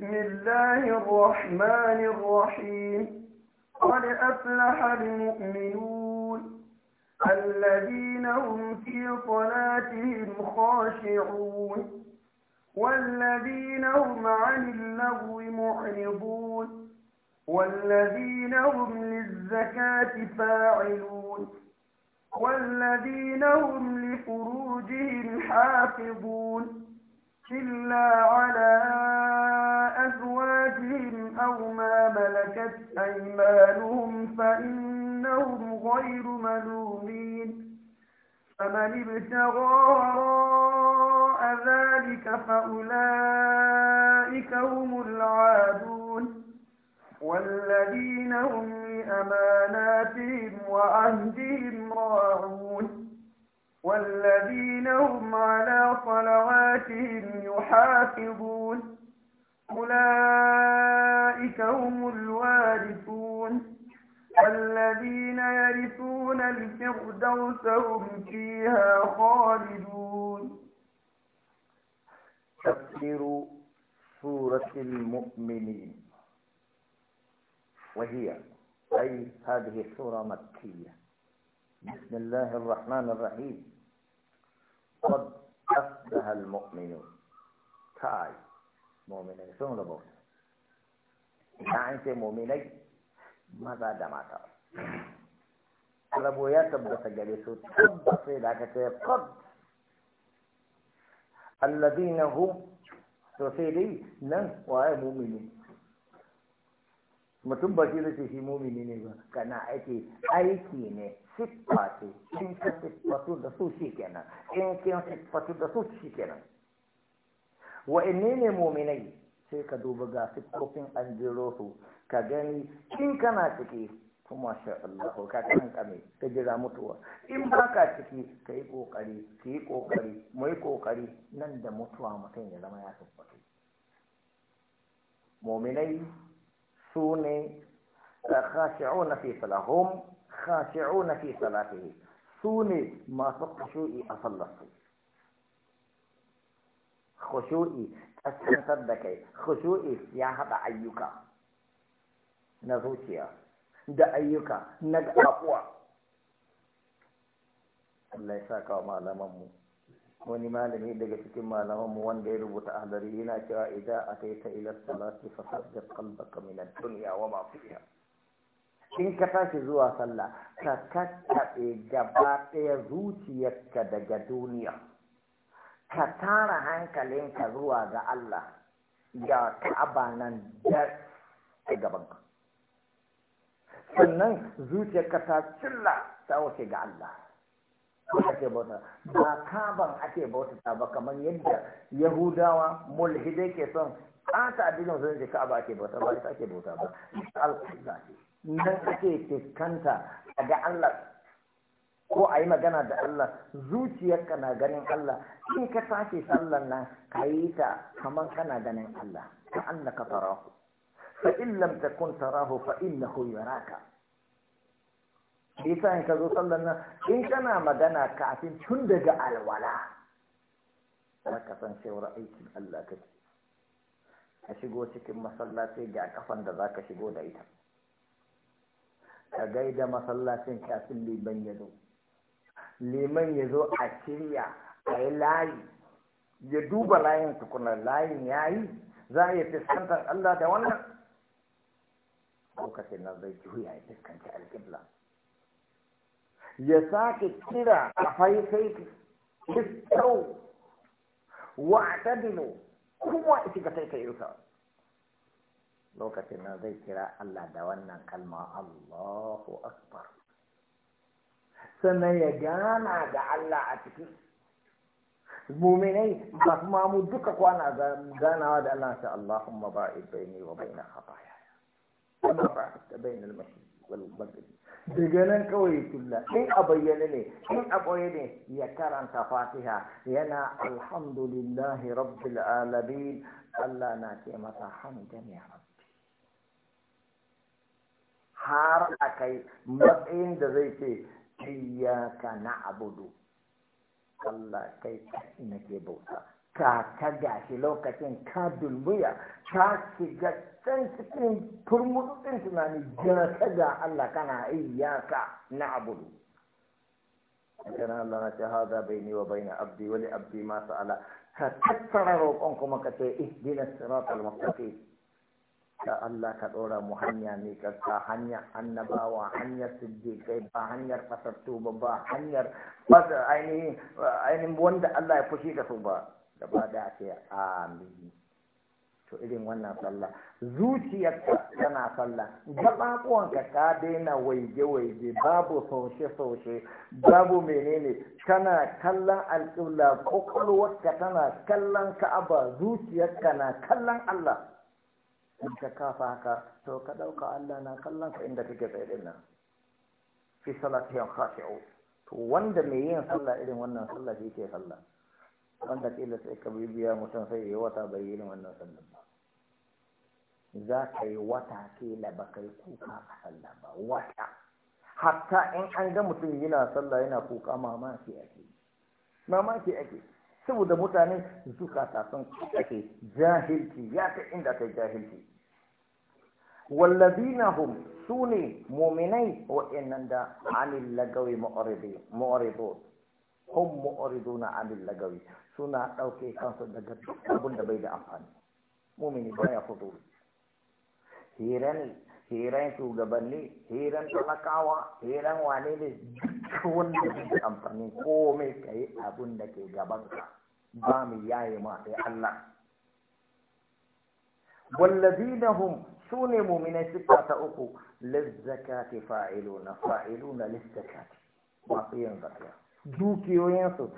بسم الله الرحمن الرحيم قد أفلح المؤمنون الذين هم في صلاتهم خاشعون والذين هم عن اللغو معرضون والذين هم للزكاة فاعلون والذين هم لفروجهم حافظون إلا على أزواجهم أو ما ملكت أيمانهم فإنهم غير ملومين فمن ابتغى وراء ذلك فأولئك هم العادون والذين هم لأماناتهم وعهدهم راعون والذين هم على صلواتهم يحافظون أولئك هم الوارثون الذين يرثون الفردوس هم فيها خالدون تفسير سورة المؤمنين وهي أي هذه السورة مكية بسم الله الرحمن الرحيم قد أفلح المؤمنون كاي مؤمنين سون لبوس يعني سي مؤمني ماذا دماتا ربو يا تبت جلسوا تبت لك قد الذين هم تفيري نن نعم، وآي مؤمنين ما ba shi da shi mumini ne ba siffa ce in ka da su shi kenan in kin da su shi kenan wa inni ne muminai sai ka duba ga siffofin su ka gani in kana ciki kuma sha Allah ka kan kame ka jira mutuwa in baka ciki ka yi kokari ki yi kokari mu yi kokari nan da mutuwa mutum ya zama ya siffatu muminai su ne khashi'una fi salahum khashi'una fi salatihi su ne masu khushu'i a sallarsu khushu'i kaskantar da kai khushu'i ya haɗa ayyuka na zuciya da ayyuka na gaɓuwa Allah ya malamanmu wani malami daga cikin malamanmu wanda ya rubuta hadari yana cewa idan aka yi ta ilar salati fasar da kalbaka minan duniya wa mafiya in ka tashi zuwa sallah ka kakkaɓe gaba ɗaya zuciyarka daga duniya ka tara hankalinka zuwa ga Allah ya ka'aba nan da gabanka sannan zuciyarka ta cilla ta wuce ga Allah ake bauta ba kaban ake bauta ba kamar yadda yahudawa mulhidai ke son ƙata addinin sun ce ka'aba ake bauta ba ita ake bauta ba alƙalla ce nan ake fuskanta ga Allah ko a yi magana da Allah zuciyarka na ganin Allah in ka tashi sallan nan ka yi ta kamar kana ganin Allah ka annaka tarahu fa in lam takun tarahu fa innahu yaraka in ka zo sallan nan in kana magana kafin tun daga alwala za ka san cewar aikin Allah kake ka shigo cikin masallaci ga kafan da za ka shigo da ita ka gaida masallacin kafin liman ya zo liman ya zo a shirya a yi layi ya duba layin tukunan layin ya yi za a yi fiskantar Allah da wannan lokacin nan zai juya ya fiskanci alƙibla ya sake kira a faifai kyau wa a kuma ita ga taitayinsa lokacin nan zai kira Allah da wannan kalma Allahu Akbar sannan ya gana da Allah a ciki muminai masu mamu duka kwana ganawa da Allah ta Allahumma ba'id baini wa baina khataya kuma ba'id baina al-masjid wal maghrib daga nan kawai ya tulla in a bayyane ne in a ɓoye ne ya karanta fatiha yana alhamdulillahi rabbil alamin Allah na ce masa hamdan ya har a kai matsayin da zai ce iyyaka na'budu Allah kai nake bauta ka ta gashi lokacin ka dulmuya ka shiga can cikin turmutsin tunani jira ka ga Allah kana iyyaka na'budu kana Allah na ce hada baini wa baina abdi wa abdi ma Ala, ka tattara roƙon kuma ka ce ihdinas siratal mustaqim ka Allah ka ɗora mu hanya ne sa hanyar annabawa hanyar siddiƙai ba hanyar fasattu ba ba hanyar ainihin wanda Allah ya fushi da su ba ba da ake amin to irin wannan sallah ka tana sallah gaɓaɓuwan ka daina waige-waige babu saushe-saushe babu menene kana kallon alƙibla ka tana kallon ka'aba Zuciyar ka na kallon Allah in ka kafa haka to ka ɗauka Allah na kallon ka inda kake tsaye din nan fi salatiyan khashi'u to wanda mai yin sallah irin wannan sallah shi ke sallah wanda kila sai ka bibiya mutum sai ya wata bai yi wannan sallah ba za ka yi wata kila ba kai kuka a sallah ba wata hatta in an ga mutum yana sallah yana kuka mamaki ake mamaki ake saboda mutane zukata sun ake jahilci ya ta inda kai jahilci wallazina hum sune mu'minai wa inanda anil lagawi mu'ridi mu'ridu hum mu'riduna anil lagawi suna dauke kansu daga duk abin da bai da amfani mu'mini baya fudu hiran hiran shugabanni hiran talakawa hiran wane ne wanda bai da amfani komai kai abin da ke gaban ka ba mu yayi ma sai Allah wallazina hum su ne muminai siffa ta uku lizzakati fa'iluna fa'iluna lizzakati masu yin zakka dukiyoyinsu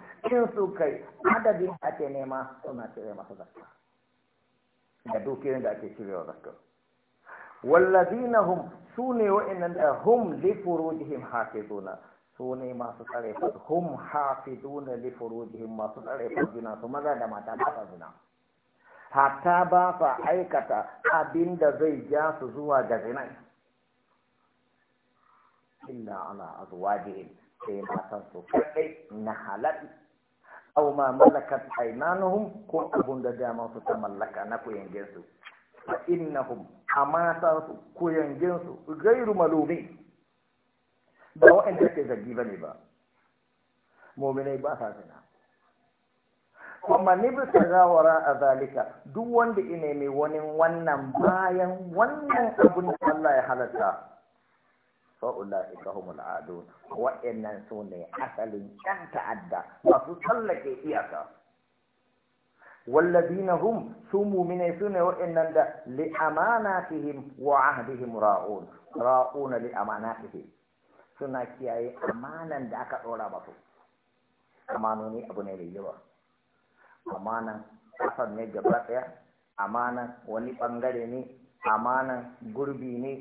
su kai adadin ake nema suna cire masu zakka da dukiyoyin da ake cire cirewa zakka wallazina hum su ne wa'annan da hum li furujihim hafizuna su ne masu tsare hum hafizuna li furujihim masu tsare farjuna su maza da mata ba zina hatta ba sa aikata abin da zai ja su zuwa ga zinai illa ala azwajihim sai matan su kai na halal aw ma malakat aymanuhum ko abun da dama su ta mallaka na kuyangin su fa innahum amata su kuyangin su gairu malumi ba wa'anda ke zargi bane ba mu'minai ba sa zina kuma ni bisa a zalika duk wanda ina mai wani wannan bayan wannan abin da Allah ya halatta fa'ula'ika humul adun wa'annan su ne asalin yan ta'adda masu tallake iyaka wallazina hum su mumina su ne wa'annan da li amanatihim wa ahdihim ra'un ra'una li amanatihim suna kiyaye amanan da aka dora masu amanoni abu ne da yawa amanan kasan ne gaba amanan wani ɓangare ne amanan gurbi ne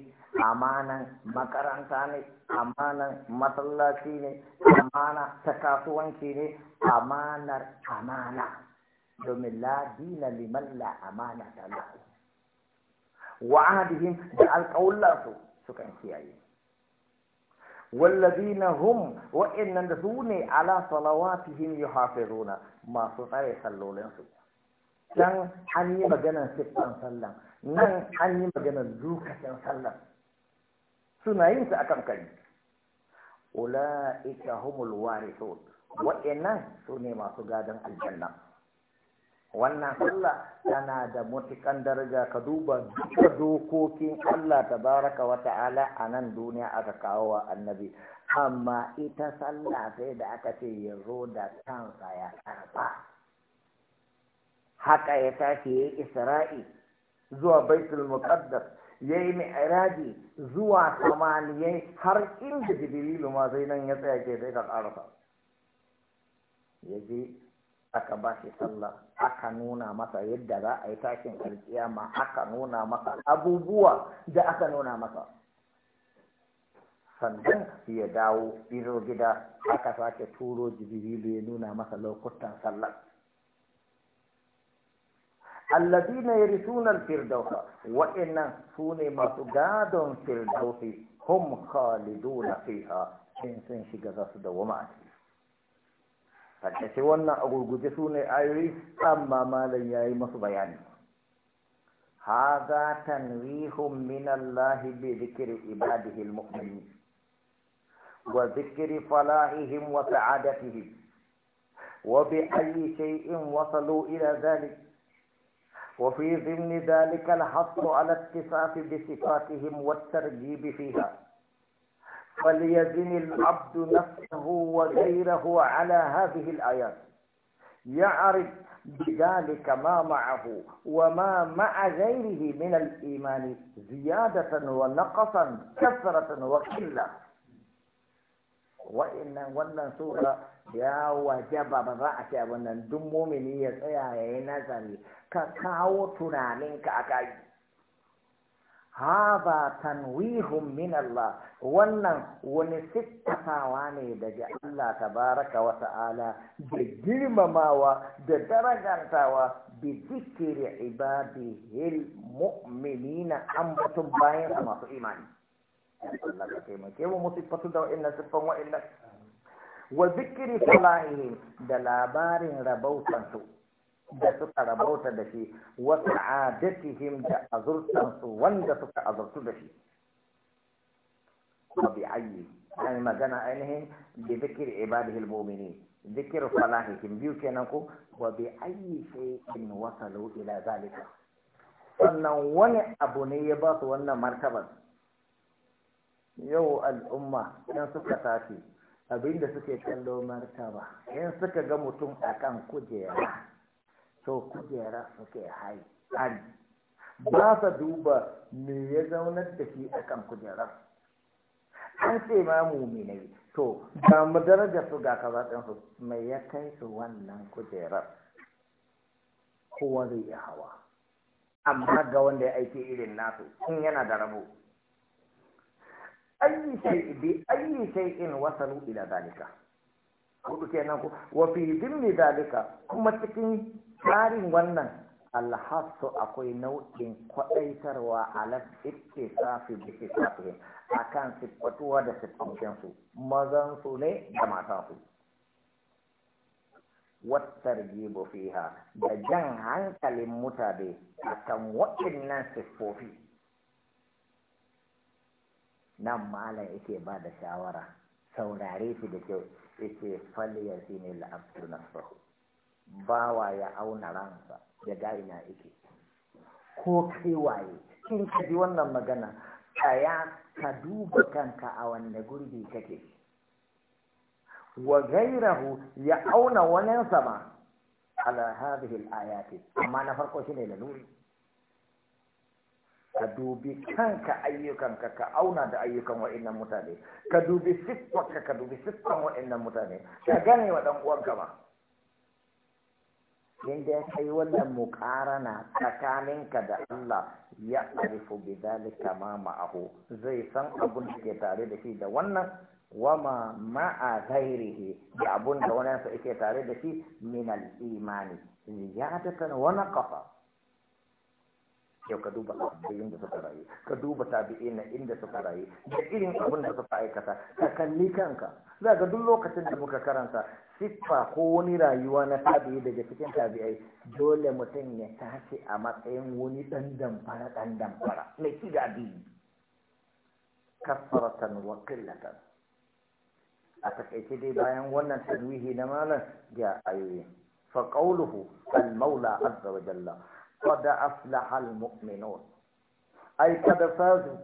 amanan makaranta ne amanan masallaci ne amana ta kasuwanci ne amanar amana domin la dina liman la amana ta lahu wa'adihim da alƙawullansu sukan kiyaye wallazina hum wa'annan da su ne ala salawatihim yuhafizuna masu tsare sallolin su dan an yi maganar nan an yi maganar lokacin sallan suna yin su akan kari ulaika humul warithun wa'annan su ne masu gadan aljanna wannan allah tana da matukan daraja ka duba duka dokokin Allah tabaraka wa ta'ala a nan duniya aka kawo wa annabi amma ita sallah sai da aka ce ya zo da kansa ya karba haka ya tashi ya isra'i zuwa baitul muqaddas ya yi mi'raji zuwa samaniyai har inda jibrilu ma zai nan ya tsaya ke sai ka karasa ya je aka ba shi sallah aka nuna masa yadda za a yi tashin alkiyama aka nuna masa abubuwa da aka nuna masa sannan ya dawo izo gida aka sake turo jibrilu ya nuna masa lokutan sallah alladina yarisuna alfirdausa wa'annan sune masu gadon firdausi hum khaliduna fiha in sun shiga zasu da a ƙarƙashin wannan a gurguje su ne ayoyi an ya yi masu bayani ha za ta nrihun minallahi bi zikirin ibadihin mu'mini wa zikirin falahihim wa sa'adatihim wa bi ayi shay'in wasalu ila zalik wa fi zimni zalika al-hasu ala ittisafi bi sifatihim wa tarjibi فليزن العبد نفسه وغيره على هذه الآيات يعرف بذلك ما معه وما مع غيره من الإيمان زيادة ونقصا كثرة وقلة وإن ونن سورة يا وجب برأسي ونن دمو من يسعي ينزل كاو تنالين كاكاي haba tanwihun min Allah wannan wani siffatawa ne daga Allah tabaraka wa ta'ala da girmamawa da darajantawa bi zikiri ibadihil mu'minina an batun bayan a masu imani Allah ka taimake mu musu fatu da wa'annan siffan wa'annan wa zikiri salahihim da labarin rabautansu da suka rabauta da shi wa sa'adatihim da su wanda suka azurtu da shi bi ayi an magana ainihin bi zikir ibadihi mu'mini zikir falahihim biyu kenan ko wa bi ayyi shay'in wasalu ila zalika sannan wani abu ne ya ba su wannan martabar yau al'umma idan suka tashi abinda suke kallo martaba in suka ga mutum akan kujera so kujera suke hari tsari ba sa duba me ya zaunar da shi akan kujerar an ce ma mu muminai to ga madarajar su ga kaza din su mai ya kai su wannan kujerar kowa zai ya hawa amma ga wanda ya aiki irin nasu in yana da rabo ayi shay'in bi ayi shay'in wasalu ila dalika ko kenan ku wa fi dhimmi dalika kuma cikin tsarin wannan alhassu akwai nau'in kwaɗaitarwa da ke safi a kan siffatuwa da siffancinsu mazan ne da matansu. su wattargibu fiha da jan hankalin mutane akan waɗannan siffofi nan malam yake ba da shawara saurare shi da kyau yake faliyar shi ne la'abdu nasrahu bawa ya auna ransa ya gari na yake ko kai waye kin kaji wannan magana kaya ka duba kanka a wanne gurbi kake wa gairahu ya auna wani sama ala hadhihi al-ayati amma na farko shine laluri ka dubi kanka ayyukanka ka auna da ayyukan wa'annan mutane ka dubi siffarka ka dubi siffan wa'annan mutane ka gane wa dan uwanka ba Inda ya kai wannan muƙarana tsakaninka da Allah ya arifu bi zalika ma ma'ahu zai san abun da ke tare da shi da wannan wama ma'a ghairihi da abun da wannan sa yake tare da shi min al-imani ziyadatan wa naqasa yau ka duba abin da suka rayu ka duba tabi'ina inda suka rayu da irin abun da suka aikata ka kalli kanka za ga duk lokacin da muka karanta siffa ko wani rayuwa na tabi'i daga cikin tabi'ai dole mutum ya tashi a matsayin wani dan damfara dan damfara mai ci da biyu kafaratan wa a takaice dai bayan wannan tanwihi na malam ga ayoyi fa qawluhu al maula azza wa jalla qad aflaha al mu'minun ay qad fazu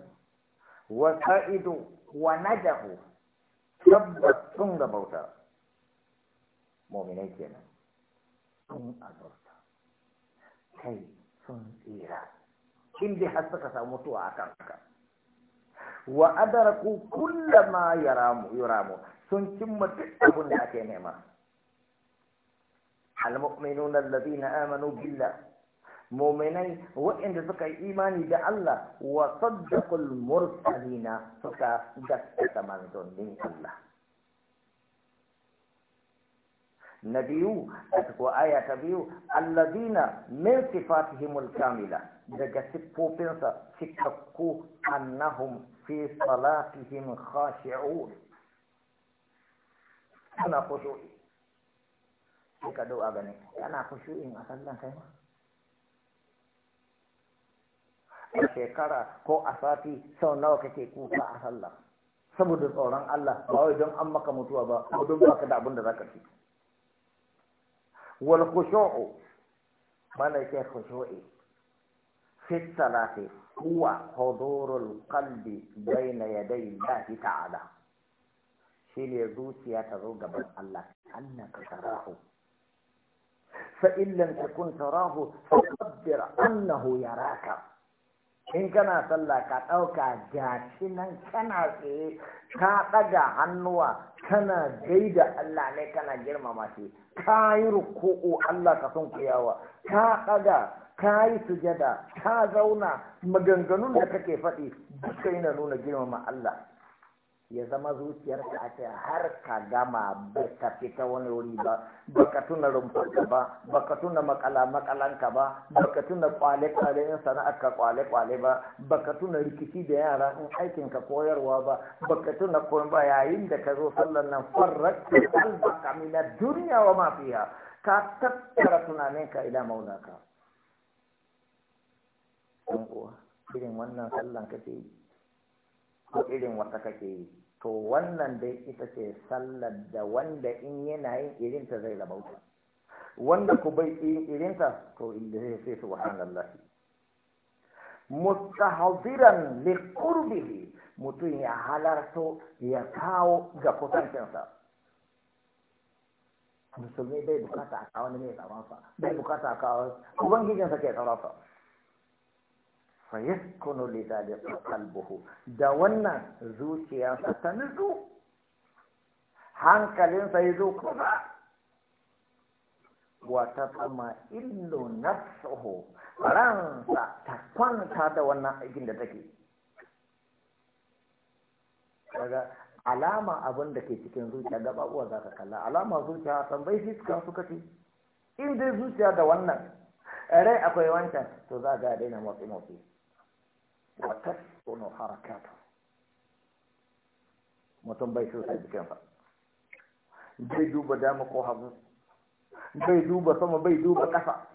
wa sa'idu wa najahu tabbas sun rabauta mominai kenan sun azurta kai sun tsira in dai har suka samu mutuwa a kanka wa adaraku kulla yaramu yaramu sun cimma duk abin da ake nema al-mu'minuna alladhina amanu billah مؤمنين وإن ذكى إيماني ده الله وصدق المرسلين فكا جسد تمنتون من الله نبيو أتكو آية تبيو الذين من صفاتهم الكاملة ده جسد فوبنسا شككو أنهم في صلاتهم خاشعون أنا خشوعي Kita doa gani. Kan aku syuing asal bilang saya mah. a shekara ko a sati sau nawa kake kuka a sallah saboda tsoron Allah ba wai don an maka mutuwa ba ko don baka da abin da zaka ci wal khushu'u mana yake khushu'i fi salati huwa hudurul qalbi bayna yaday Allah ta'ala shine zuciya ta zo gaban Allah annaka tarahu fa in takun tarahu qaddir annahu yaraka in kana sallah ka ɗauka gashi nan kana tsaye ka ɗaga hannuwa kana gaida Allah ne kana girmama shi ka yi ruku'u Allah ka sun kuyawa ka ɗaga ka yi sujada ka zauna maganganun da kake faɗi duka yana nuna girmama Allah ya zama zuciyarka a ce har ka gama baka fita wani wuri ba baka tuna rumfarka ba baka tuna makala makalanka ba baka tuna kwale kwale in ka kwale kwale ba baka tuna rikici da yara in aikin ka koyarwa ba baka tuna komai ba yayin da ka zo sallan nan farrat albaka min dunya wa ma ka tattara tunanin ila maulaka dan irin wannan sallan kake yi ko irin wata kake yi to wannan dai ita ce sallar da wanda in yana yin irinta zai rabauta wanda ku bai yin irinta to inda zai sai subhanallah mustahziran li qurbihi mutum ya halarto ya kawo ga kusancinsa musulmi bai bukata a kawo ne mai tsaronsa bai bukata a kawo ubangijinsa ke tsaronsa fa yaskunu li dhalika qalbuhu da wannan zuciyarsa ta nutsu hankalinsa ya zo kusa wa ta tsama illo nafsuhu ransa ta kwanta da wannan aikin da take daga alama abin da ke cikin zuciya gaba uwa za ka kalla alama zuciya tambayi fiska suka ce in dai zuciya da wannan rai akwai wancan to za ga daina motsi-motsi wa tasunu harakatu mutum bai so sai jikinsa bai duba dama ko hagu bai duba sama bai duba ƙasa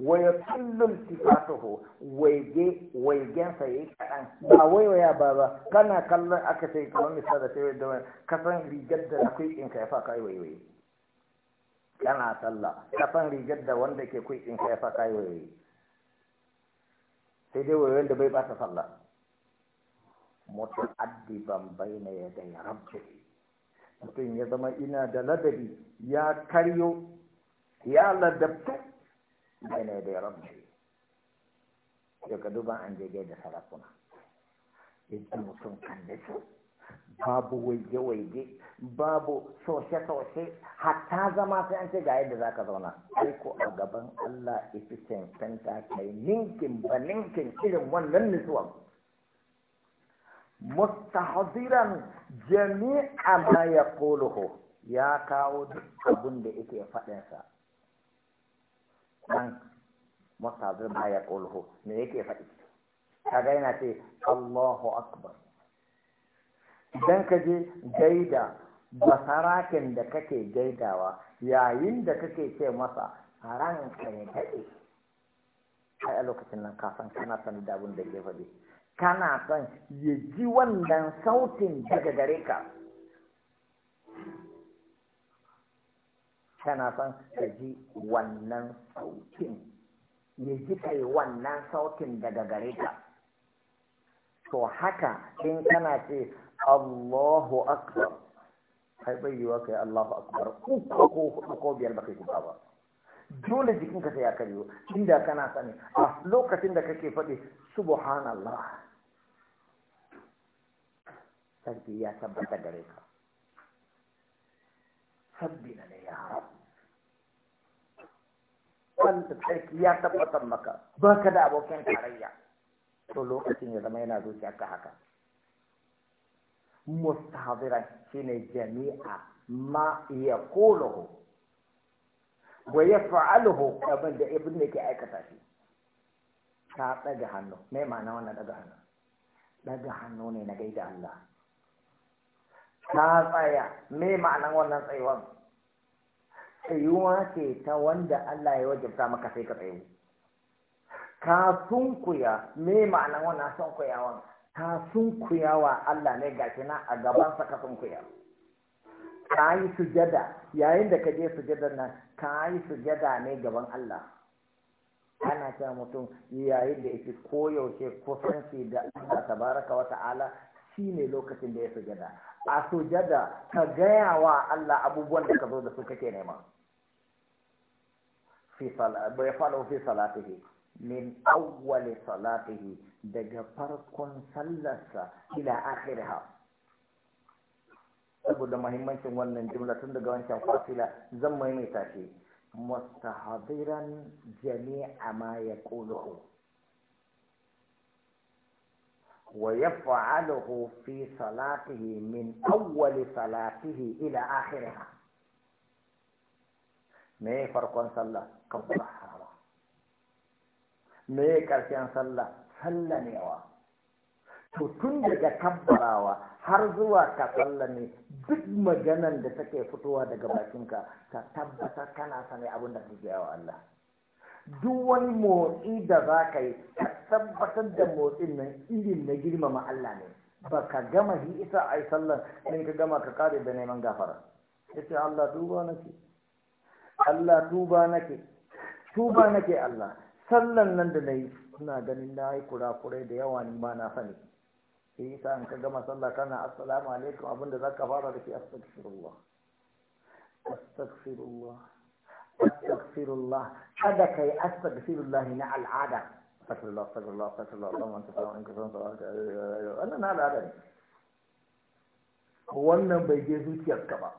wa ya kullum sifatuhu waige waigensa yayi kaɗan ba waiwaya ba ba kana kallon aka ce kamar misali sai da ka san rigar da akwai ɗinka ya fa kai waiwaye kana sallah ka san rigar da wanda ke kuɗin ka ya fa kai waiwaye sai dai wayoyin da bai bata sallah muta'addiban baina ya rabbi mutum ya zama ina da ladabi ya karyo ya ladabtu baina ya rabbi daga duban an jege da sarakuna yadda mutum kan da su babu waige-waige babu soshe-soshe hatta zama sai an ce ga yadda za ka zauna sai ko a gaban Allah ifi fanta kai ninkin ba ninkin irin wannan nutsuwan mustahaziran jami'a ma ya koloho ya kawo duk abin da yake faɗinsa nan mustahaziran ma ya koloho me yake faɗi kaga yana ce Allahu akbar idan ka je gaida basaraken da kake gaidawa yayin da kake ce masa ranka ne daɗe ai a lokacin nan ka san kana san da da ke faɗi kana san ya ji wannan sautin daga gare ka kana san ya ji wannan sautin ya ji kai wannan sautin daga gare ka to haka in kana ce Allahu akbar kai bai yiwa kai Allahu akbar uku ko hudu ko biyar ba kai kuka ba dole ka sai ya karyo inda kana sani a lokacin da kake fadi subhanallah sai ya tabbata gare ka sabbina ne ya haram wanda sarki ya tabbata maka baka da abokan tarayya to lokacin ya zama yana zuciya ka haka mustahadiran shine jami'a ma ya kolohu wa ya fa'aluhu abin da ke aikata shi ta ɗaga hannu me ma'ana wannan ɗaga hannu ɗaga hannu ne na gaida Allah ta tsaya me ma'anan wannan tsayuwan tsayuwa ce ta wanda Allah ya wajabta maka sai ka tsayu ka sunkuya me ma'anan wannan sunkuyawan ta sunkuya wa Allah ne ga kina a gabansa ka sunkuya ka yi sujada yayin da ka je sujada nan ka yi sujada ne gaban Allah ana cewa mutum yayin da yake koyaushe kusanci da Allah tabaraka wa ta'ala shi ne lokacin da ya sujada a sujada ka gaya wa Allah abubuwan da ka zo da su kake nema fi sala bai falo fi salatihi min awwali salatihi daga farkon sallarsa ila akhirha saboda mahimmancin wannan jumla tun daga wancan fasila zan maimaita shi mustahadiran jami'a ma yaquluhu wa yaf'aluhu fi salatihi min awwali salatihi ila akhirha me farkon sallah kabbara me ya ƙarshen sallah sallamewa to tun daga tabbarawa har zuwa ka sallame duk maganan da take fitowa daga bakinka ka tabbatar kana sane abin da kake yawa Allah duk wani motsi da za ka yi ka tabbatar da motsin nan irin na girmama Allah ne ba ka gama shi isa a yi sallan in ka gama ka kare da neman gafara Ita Allah tuba nake Allah tuba nake tuba nake Allah sallan nan da na yi suna ganin na yi kurakurai da yawa ni ma na sani sai yi sa'an ka gama sallah kana assalamu alaikum abinda za ka fara da ke astagfirullah astagfirullah astagfirullah kada ka yi astagfirullah na al'ada astagfirullah astagfirullah astagfirullah Allah fara in ka san wannan bai je zuciyarka ba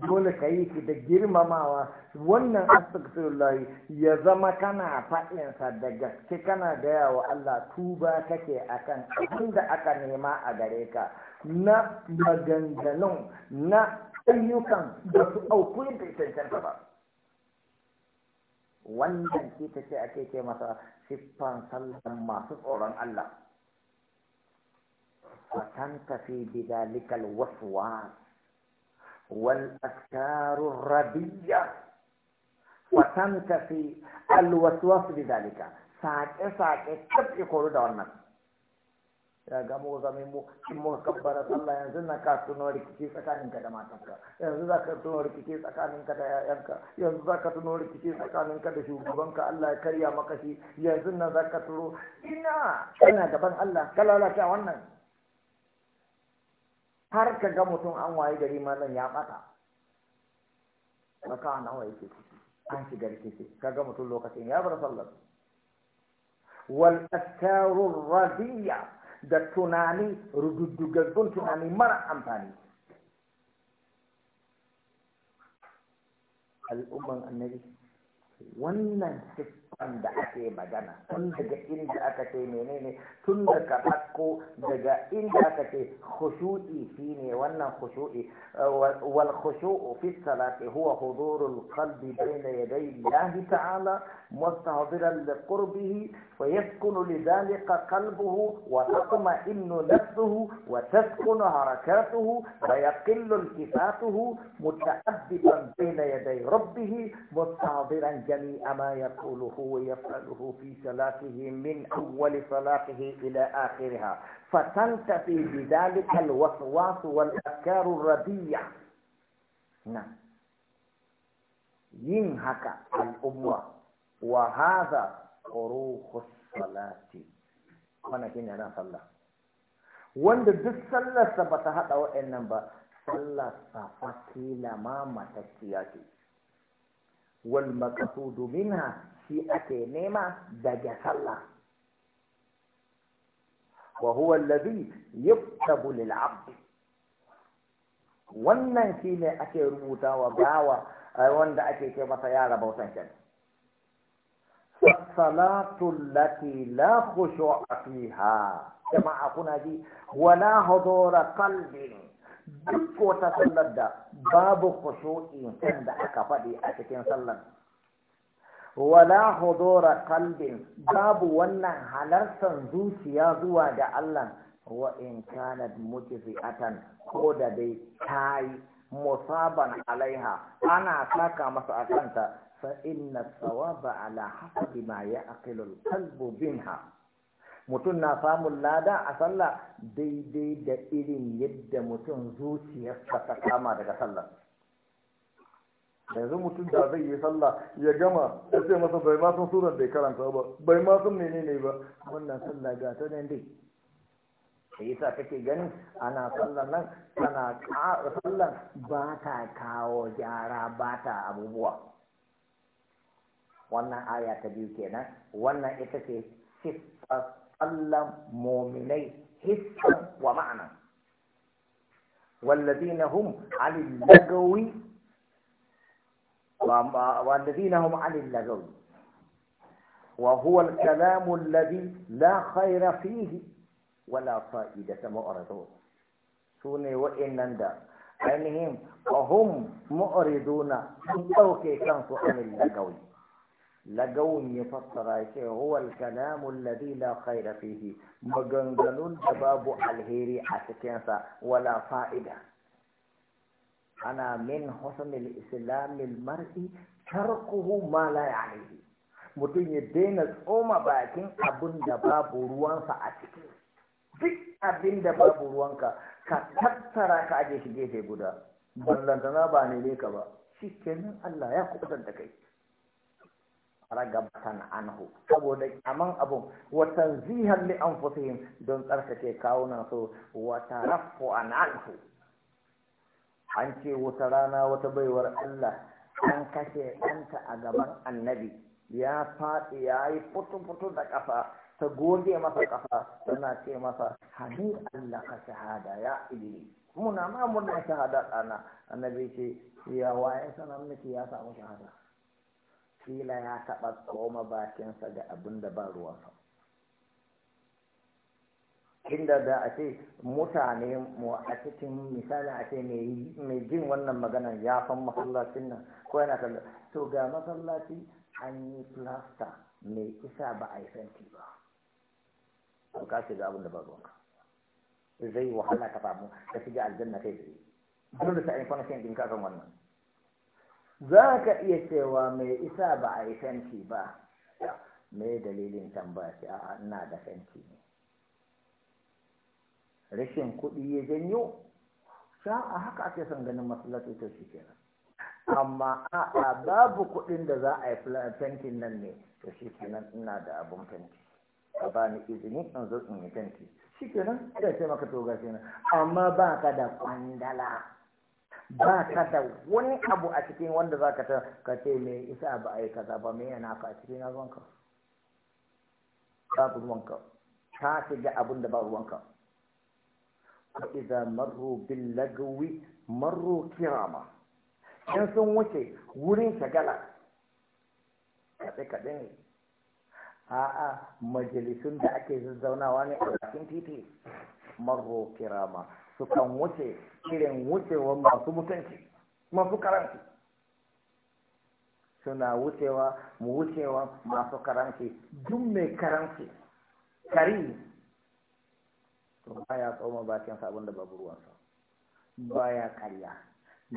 dole ka yi shi da girmamawa wannan astagfirullah ya zama kana faɗinsa da gaske kana gaya wa Allah tuba kake akan abin da aka nema a gare ka na maganganun na ayyukan da su auku da cancanta ba wannan ta ce ake ce masa siffan sallan masu tsoron Allah fatanta tafi bidalikal waswas fi al' الردية وتنتفي الوسواس بذلك ساكي ساكي كيف da wannan. ya ga mu zame mu in muka kabbara sallah yanzu na ka tuno rikici tsakaninka da matanka yanzu za ka tuno rikici tsakaninka da yayanka yanzu za ka tuno rikici tsakaninka da shugabanka Allah ya karya maka shi yanzu nan za ka tuno ina kana gaban Allah ka lalata wannan har ka ga mutum an waye gari mallan ya bata maka an waye ciki an gari rikici ka ga mutum lokacin ya bar sallar wal astaru radiya da tunani rududdugaggun tunani mara amfani al'umman annabi wannan da ake magana tun daga inda aka ce menene tun daga hakko daga inda aka ce khushu'i shine wannan khushu'i wal khushu'u fi salati huwa hudurul qalbi bayna yaday Allah ta'ala مستحضرا لقربه فيسكن لذلك قلبه وتطمئن نفسه وتسكن حركاته ويقل التفاته متأدبا بين يدي ربه مستحضرا جميع ما يقوله ويفعله في صلاته من أول صلاته إلى آخرها فتنتفي بذلك الوسواس والأفكار الرديعة نعم ينهك الأمور wa hadha quruhu salati sallah wanda duk sallarsa ta hada waɗannan ba sallarsa fakila ma ce wal maqsudu shi ake nema daga sallah wa huwa alladhi yuktabu lil wannan shine ake rubuta bawa gawa eh, wanda ake ce masa ya rabautan kenan as-salatu allati la khushu'a fiha jama'a kuna ji wala hudura qalbin duk wata sallar da babu khushu'i kan da aka faɗi a cikin sallar wala hudura qalbin babu wannan halartar zuciya zuwa da Allah wa in kanat mujzi'atan ko da dai tayi musaban alaiha ana saka masa akanta فإن الثواب على حسب ما يعقل القلب منها mutum na samun lada a sallah daidai da irin yadda mutum zuciyarsa ta kama daga sallah yanzu mutum da zai yi sallah ya gama ya ce masa bai ma sun surar bai karanta ba bai ma sun menene ba wannan sallah ga ta nan dai da yasa kake ganin ana sallah nan tana sallah. ba ta kawo gyara ba ta abubuwa wannan aya ta biyu kenan wannan ita ce hissa tsallan mominai hissan wa ma'ana hum lagawi والذين هم عن اللغو وهو الكلام الذي لا خير فيه ولا فائدة معرضون سوني وإن نندا أنهم وهم معرضون أوكي كانوا عن اللغو lagawun ya fassara ya ce huwal kalamun ladhi la fihi maganganun da babu alheri a cikinsa wala fa'ida ana min husnil islamil mar'i tarkuhu ma la ya'nihi mutum ya daina tsoma bakin abin da babu ruwansa a ciki duk abin da babu ruwanka ka tattara ka aje shi gefe guda ballantana ba ne ka ba shi kenan Allah ya kubutar da kai ragabtan anhu saboda kyaman abun wa tanzihan li anfusihim don tsarkake kawunan so, wa tarafu an anhu an ce wata rana wata baiwar Allah an kashe ɗanta a gaban annabi ya faɗi ya yi fito-fito da ƙafa ta goge masa ƙafa tana ce masa hadi Allah ka shahada ya ilimi muna ma murna shahada ɗana annabi ce ya waye sanar miki ya samu shahada kila ya taɓa tsoma bakinsa da abin da ba ruwansa inda da a ce mutane mu a cikin misali a ce mai jin wannan magana ya san masallacin nan ko yana kalla to ga masallaci an yi plasta mai isa ba a yi fenti ba to ka shiga abin da ba ruwanka zai wahala ka samu ka shiga aljanna kai tsaye dole sai an yi kwanakin ɗin wannan za ka iya cewa mai isa ba a yi fenti ba mai dalilin tambaya ce a ina da fenti ne rashin kuɗi ya janyo sha a haka ake son ganin masu to shi kenan amma a babu kuɗin da za a yi fentin nan ne to shi kenan ina da abun fenti ka ba ni izini in zo in yi fenti shi kenan ina ce maka to ga nan. amma ba ka da kwandala ba ka da wani abu a cikin wanda za ka ka ce mai isa ba a yi kaza ba mai yana ka a cikin ruwanka ba ruwanka ka ga abin da ba ruwanka ko iza marru bin lagwi marru kirama in sun wuce wurin shagala kaɗe kaɗe ne a'a majalisun da ake zazzaunawa ne a cikin titi marro kirama sukan wuce irin wucewar masu mutunci masu karanci suna wucewa mu wucewa masu karanci duk mai karanci kari to baya tsoma bakin sabon da babu ruwansa baya karya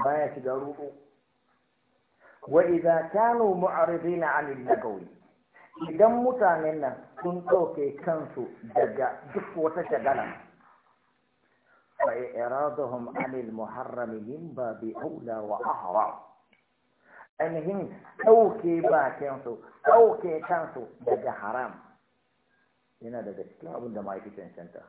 baya shiga ruɗu wa idza kanu mu'ridina 'anil lagawi idan mutanen nan sun ɗauke kansu daga duk wata shagala وإعراضهم عن المحرم من باب أولى وأحرى أنهم أوكي باكنسو أوكي كنسو دجا حرام هنا دجا كما أبن دمائك تنسنتا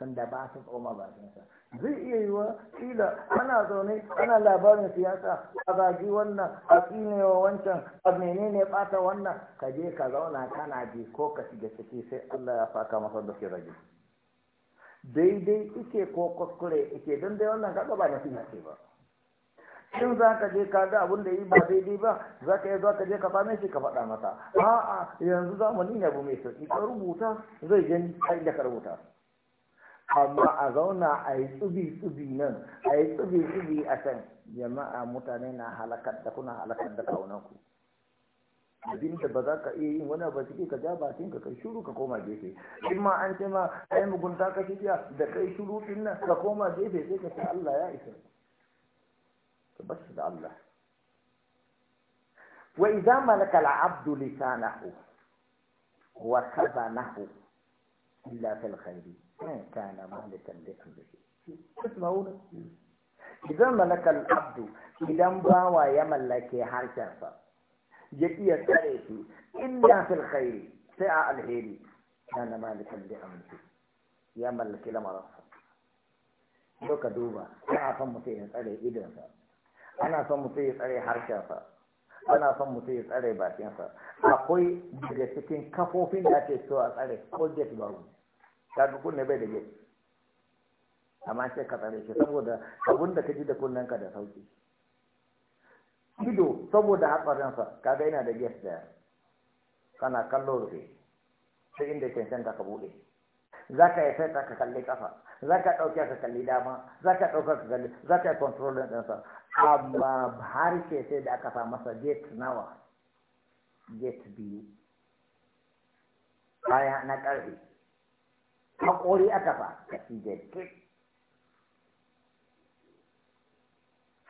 sanda ba su koma bakinsa zai iya yiwa kila ana zaune ana labarin siyasa a zagi wannan a tsinewa wancan a menene bata wannan ka je ka zauna kana ji ko ka shiga ciki sai Allah ya faka masa da rage daidai ike ko kuskure ike don dai wannan kaga ba na fiya ce ba Shin za ka je ka ga abin da yi ba daidai ba za ka yi za ka je ka same shi ka faɗa masa a'a yanzu zamani ne abu mai sauƙi ka rubuta zai je kai inda ka rubuta amma a zauna a yi tsubi-tsubi nan a yi tsubi-tsubi a can jama'a mutane na halakar da kuna halakar da ku. da ba za ka iya yin wani ba ciki ka ja bakin ka kai shuru ka koma gefe in ma an ce ma ai mugunta ka shirya da kai shuru din nan ka koma gefe sai ka ce Allah ya isa ka bas da Allah wa idza malaka al-abdu lisanahu wa kadhanahu illa fil khairi kana malikan li amrihi tasma'una idan malaka al-abdu idan bawa ya mallake harshensa ya iya tsare shi illa fil khairi sai a alheri kana malikan da mutu, ya mallaki lamarinsa yau ka duba ana son mutum ya tsare idonsa ana son mutum ya tsare harshensa ana son mutum ya tsare bakinsa akwai daga cikin kafofin da ake so a tsare ko gate babu kaga kunne bai da gate amma sai ka tsare shi saboda abun da ka ji da kunnen ka da sauki ido saboda hatsarinsa kaga yana da gas daya kana kallo rufe sai inda ta ka bude. za ka yi saita ka kalli kafa za ka ɗauke ka kalli dama za ka ɗauka ka kalli za ka yi kontrolin ɗinsa amma har ke sai da aka sa masa gate nawa gate biyu kaya na ƙarfe haƙori aka fa ka ci gate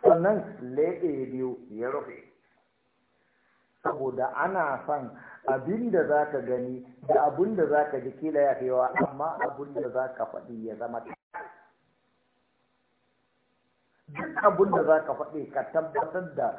sannan leɓe biyu ya rufe saboda ana son abin da za ka gani da abin da za ka ji kila ya fi yawa amma abin da za ka faɗi ya zama duk abin da za ka faɗi ka tabbatar da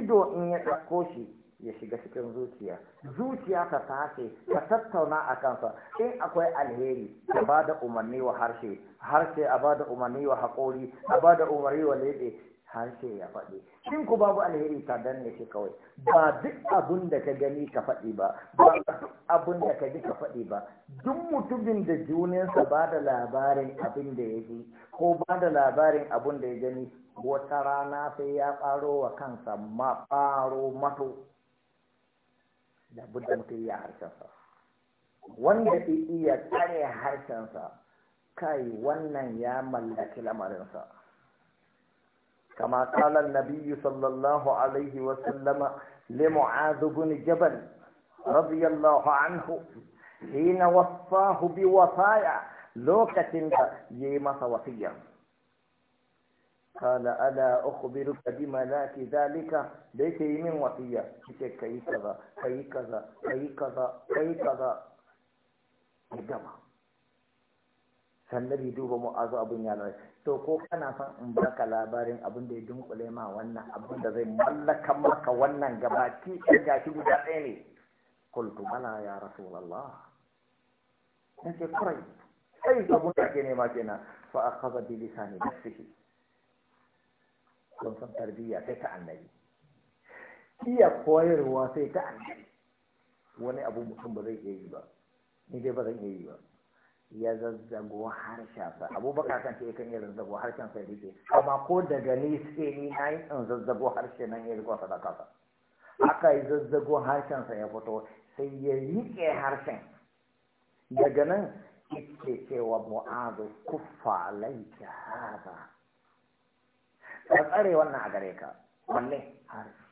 ido in ya ɗauko shi ya shiga cikin zuciya zuciya ta tashi ka tattauna a kansa in akwai alheri a ba da umarni wa harshe harshe a ba da umarni wa haƙori a ba da umarni wa leɓe harshe ya faɗi in ku babu alheri ta danne shi kawai ba duk abun da ka gani ka faɗi ba ba duk abun da ka ji ka faɗi ba duk mutumin da junansa ba da labarin abin da ya ji ko ba da labarin abin da ya gani wata rana sai ya ɓaro wa kansa ma ɓaro mato da buddha mutum ya harshensa wanda iya tsare harshensa kai wannan ya mallaki lamarinsa كما قال النبي صلى الله عليه وسلم لمعاذ بن جبل رضي الله عنه حين وصاه بوصايا لوكة يما وصيا قال ألا أخبرك بملاك ذلك ليس من وصية كي كذا كي كذا كي كذا كي كذا sannan bai duba mu'azu abin ya lalace to ko kana son in baka labarin abin da ya dunkule ma wannan abin da zai mallaka maka wannan gabaki ɗan gashi guda ɗaya ne kultu bala ya rasulallah. in ce kurai sai abin da ake nema kenan fa akhadha bi lisani nafsihi kun san tarbiyya sai ta annabi iya koyarwa sai ta annabi wani abu mutum ba zai iya yi ba ni dai ba zan iya yi ba ya zazzago harshensa abubakar kan ce kan iya zazzago harshensa ya rike amma ko daga ni sai ni na yi in zazzago harshe nan ya riko sadakarsa aka yi zazzago harshensa ya fito sai ya rike harshen daga nan yake cewa mu'azu kuffa alaika hada ka tsare wannan a gare ka wanne harshe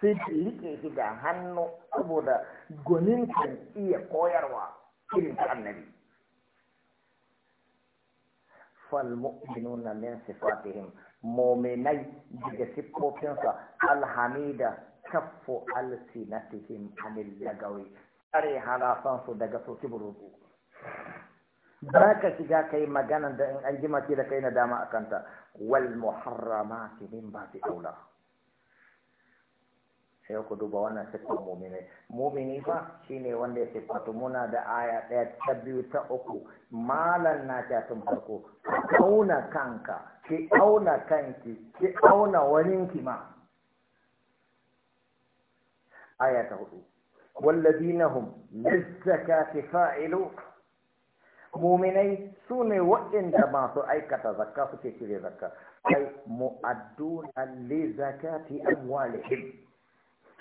sai rike shi da hannu saboda gwanin kan iya koyarwa irin ta annabi falmu'minuna min sifatihim Muminai daga siffofinsa alhamida kaffo alsinatihim anil lagawi tsare halafansu daga soki burugu ba ka shiga kai magana da an gima ce da kai na dama a kanta wal muharramati min ba fi aula sai ku duba wannan siffar mumini mumini fa shine wanda ya siffatu muna da aya ɗaya ta biyu ta uku malan na ta tun farko ki auna kanka ki auna kanki ki auna waninki ma aya ta hudu والذين هم للزكاة fa'ilu. muminai su ne waɗanda masu aikata zakka suke cire zakka ai mu'adduna li zakati amwalihim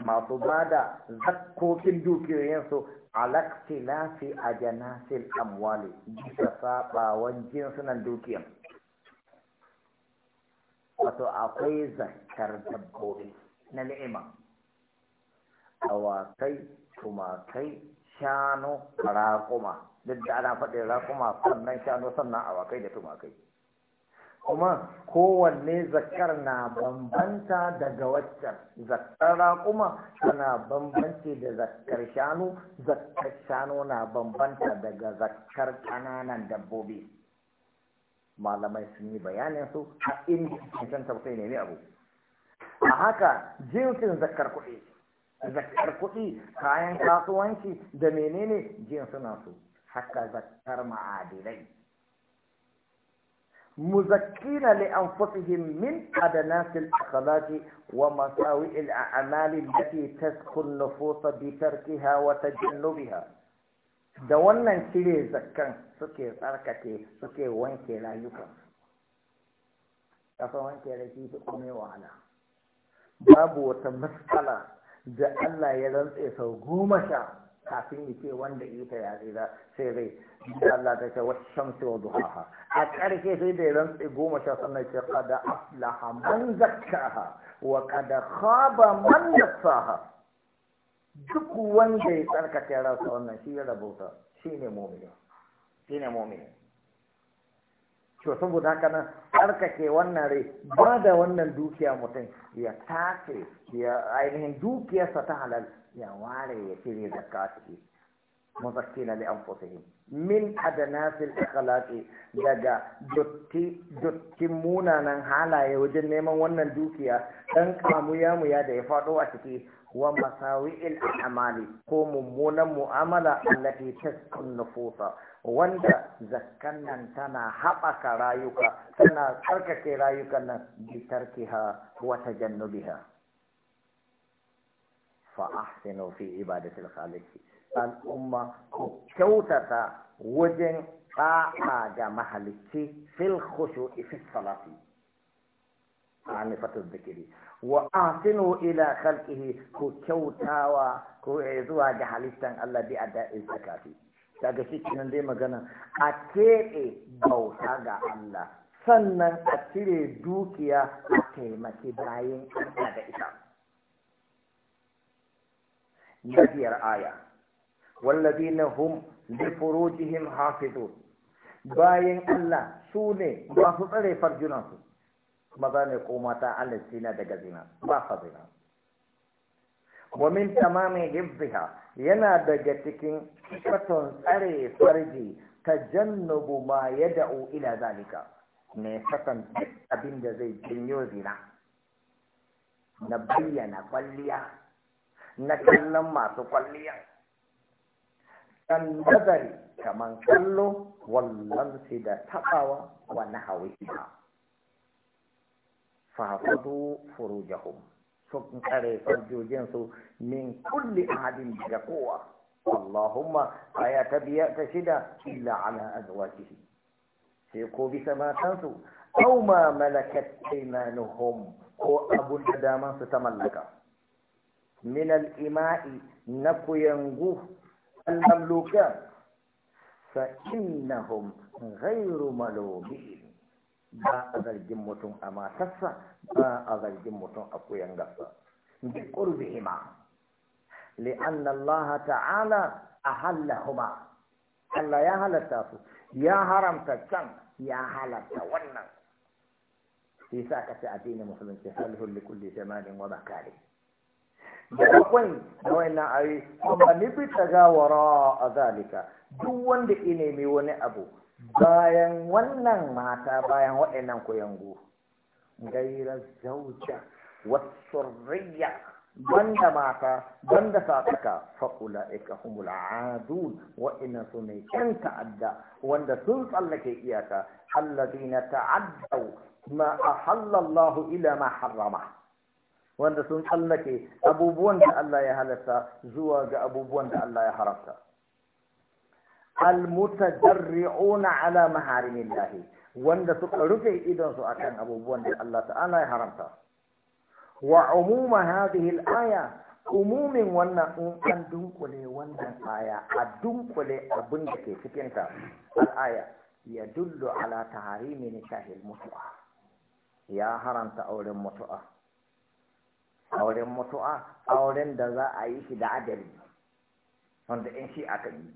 masu ba da zakkokin dukiyoyinsu a alaktilafi a janasil amwali bisa saɓawan jinsunan dukiyan wato akwai zakar dabbobi na ni'ima awakai tumakai shanu raƙuma duk da ana faɗin raƙuma sannan shanu sannan awakai da tumakai kuma kowanne zakar na bambanta daga waccan zakar raƙuma tana bambanci da zakar shanu zakar shanu na bambanta daga zakar ƙananan dabbobi malamai sun yi bayanin su a inda can tafsir ne ne abu a haka jinsin zakar kuɗi zakar kuɗi kayan kasuwanci da menene jinsunan su haka zakar ma'adinai. مزكين لأنفسهم من أدناس الأخلاق ومساوئ الأعمال التي تسكن النفوس بتركها وتجنبها da wannan cire zakkan suke tsarkake suke wanke rayuka kafa wanke rashi ta kome wahala babu wata matsala da Allah ya rantsa sau goma sha kafin ya ce wanda ita ya tsira sai zai da Allah ta ce wasu shamsi wa duhaha a ƙarshe sai da rantsi goma sha sannan ce kada aflaha man zakkaha wa kada khaba man nassaha duk wanda ya tsarkake rasa wannan shi ya rabauta shi ne mumina shi ne mumina to saboda haka nan tsarkake wannan rai ba da wannan dukiya mutum ya tace ya ainihin dukiyarsa ta halal ya ware ya cire zakka ciki muzakkina li anfusihim min adanasil akhlaqi daga dotti dotti munanan halaye wajen neman wannan dukiya dan kamuya muya da ya fado a ciki wa masawi'il amali ko mummunan mu'amala allati taskun nufusa wanda zakkan nan tana haɓaka rayuka tana tsarkake rayukan nan bi tarkiha wa tajannubiha fa ahsinu fi ibadatil khaliq al'umma ku kyautata wajen ta'a da mahalicci fil khushu'i fi salati anifatu dhikri wa ahsinu ila khalqihi ku kyautawa ku zuwa ga halittan Allah bi ada'i zakati daga cikin dai magana a keɓe bauta ga Allah sannan a cire dukiya a taimaki bayan Allah da ita nafiyar aya na hum bi furujihim hafizun bayan Allah su ne masu tsare farjunansu maza ne ko mata Allah zina daga zina ba fa zina wa min tamami hifziha yana daga cikin katon tsare farji tajannubu ma yad'u ila zalika ne sakan abin da zai janyo zina na bayyana kwalliya na kallon masu kwalliyan kan nazari kaman kallo wallan sai da taɓawa wa nahawi ina fahafudu furujahum sun tsare farjojinsu min kulli ahadin daga kowa Allahumma aya ta biya ta shida illa ala azwajihi sai ko bisa matansu aw ma malakat aymanuhum ko abun da daman su ta mallaka min al-ima'i na kuyangu al-mamlukan fa innahum ghairu malumin ba a zargin mutum a matarsa ba a zargin mutum a koyan gasa bi qurbihima li'anna Allah ta'ala ahallahuma Allah ya halatta su ya haramta can ya halarta wannan sai sa addinin musulunci salihun likulli shamanin wa kare. da akwai na wayannan ayoyi amma ni bi tagawara a zalika duk wanda ya nemi wani abu bayan wannan mata bayan waɗannan kuyangu gaira zauja wasurriya banda mata banda fataka faƙula ika humul adun wa'ina su ne ƴan ta'adda wanda sun tsallake iyaka allazina ta'addau ma ahallallahu ila ma harrama wanda sun tsallake abubuwan da Allah ya halatta zuwa ga abubuwan da Allah ya haramta almutajarri'una ala maharimillah wanda suka rufe idonsu akan abubuwan da Allah ta'ala ya haramta wa umuma hadhihi al-aya umumin wannan in an dunkule wannan aya a dunkule abin da ke cikinta al'aya ya dullu ala taharimi nikahil mutu'a ya haranta auren mutu'a auren mutu'a auren da za a yi shi da adali wanda in shi aka yi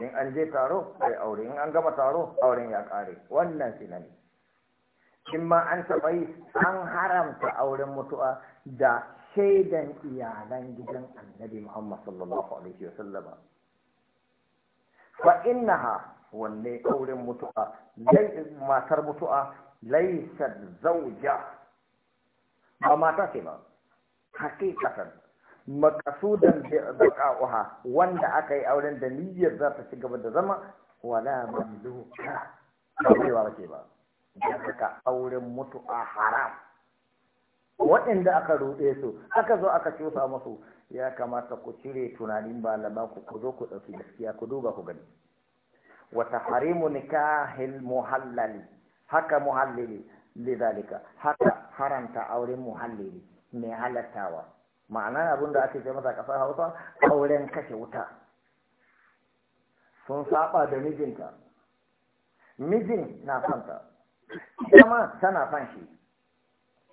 in an je taro ai aure in an gama taro auren ya kare wannan shi ne in ma an taɓa yi an haramta auren mutu'a da shaidan iyalan gidan annabi Muhammad sallallahu alaihi wa sallama fa innaha wanne auren mutu'a matar mutu'a laysa zawja ba mata ce ba hakikatan makasudan baqa'uha wanda aka yi auren da niyyar za ta ci gaba da zama wala mamluka ba ba ke ba da auren mutu a haram waɗanda aka ruɗe su aka zo aka cusa musu ya kamata ku cire tunanin ba ku ku zo ku ɗauki gaskiya ku duba ku gani wata harimu nikahil muhallali haka muhallili lidalika haka haramta auren muhallili mai halattawa ma'ana abin da ake ce masa ƙasar hausa auren kashe wuta sun saba da mijinta mijin na santa kama tana san shi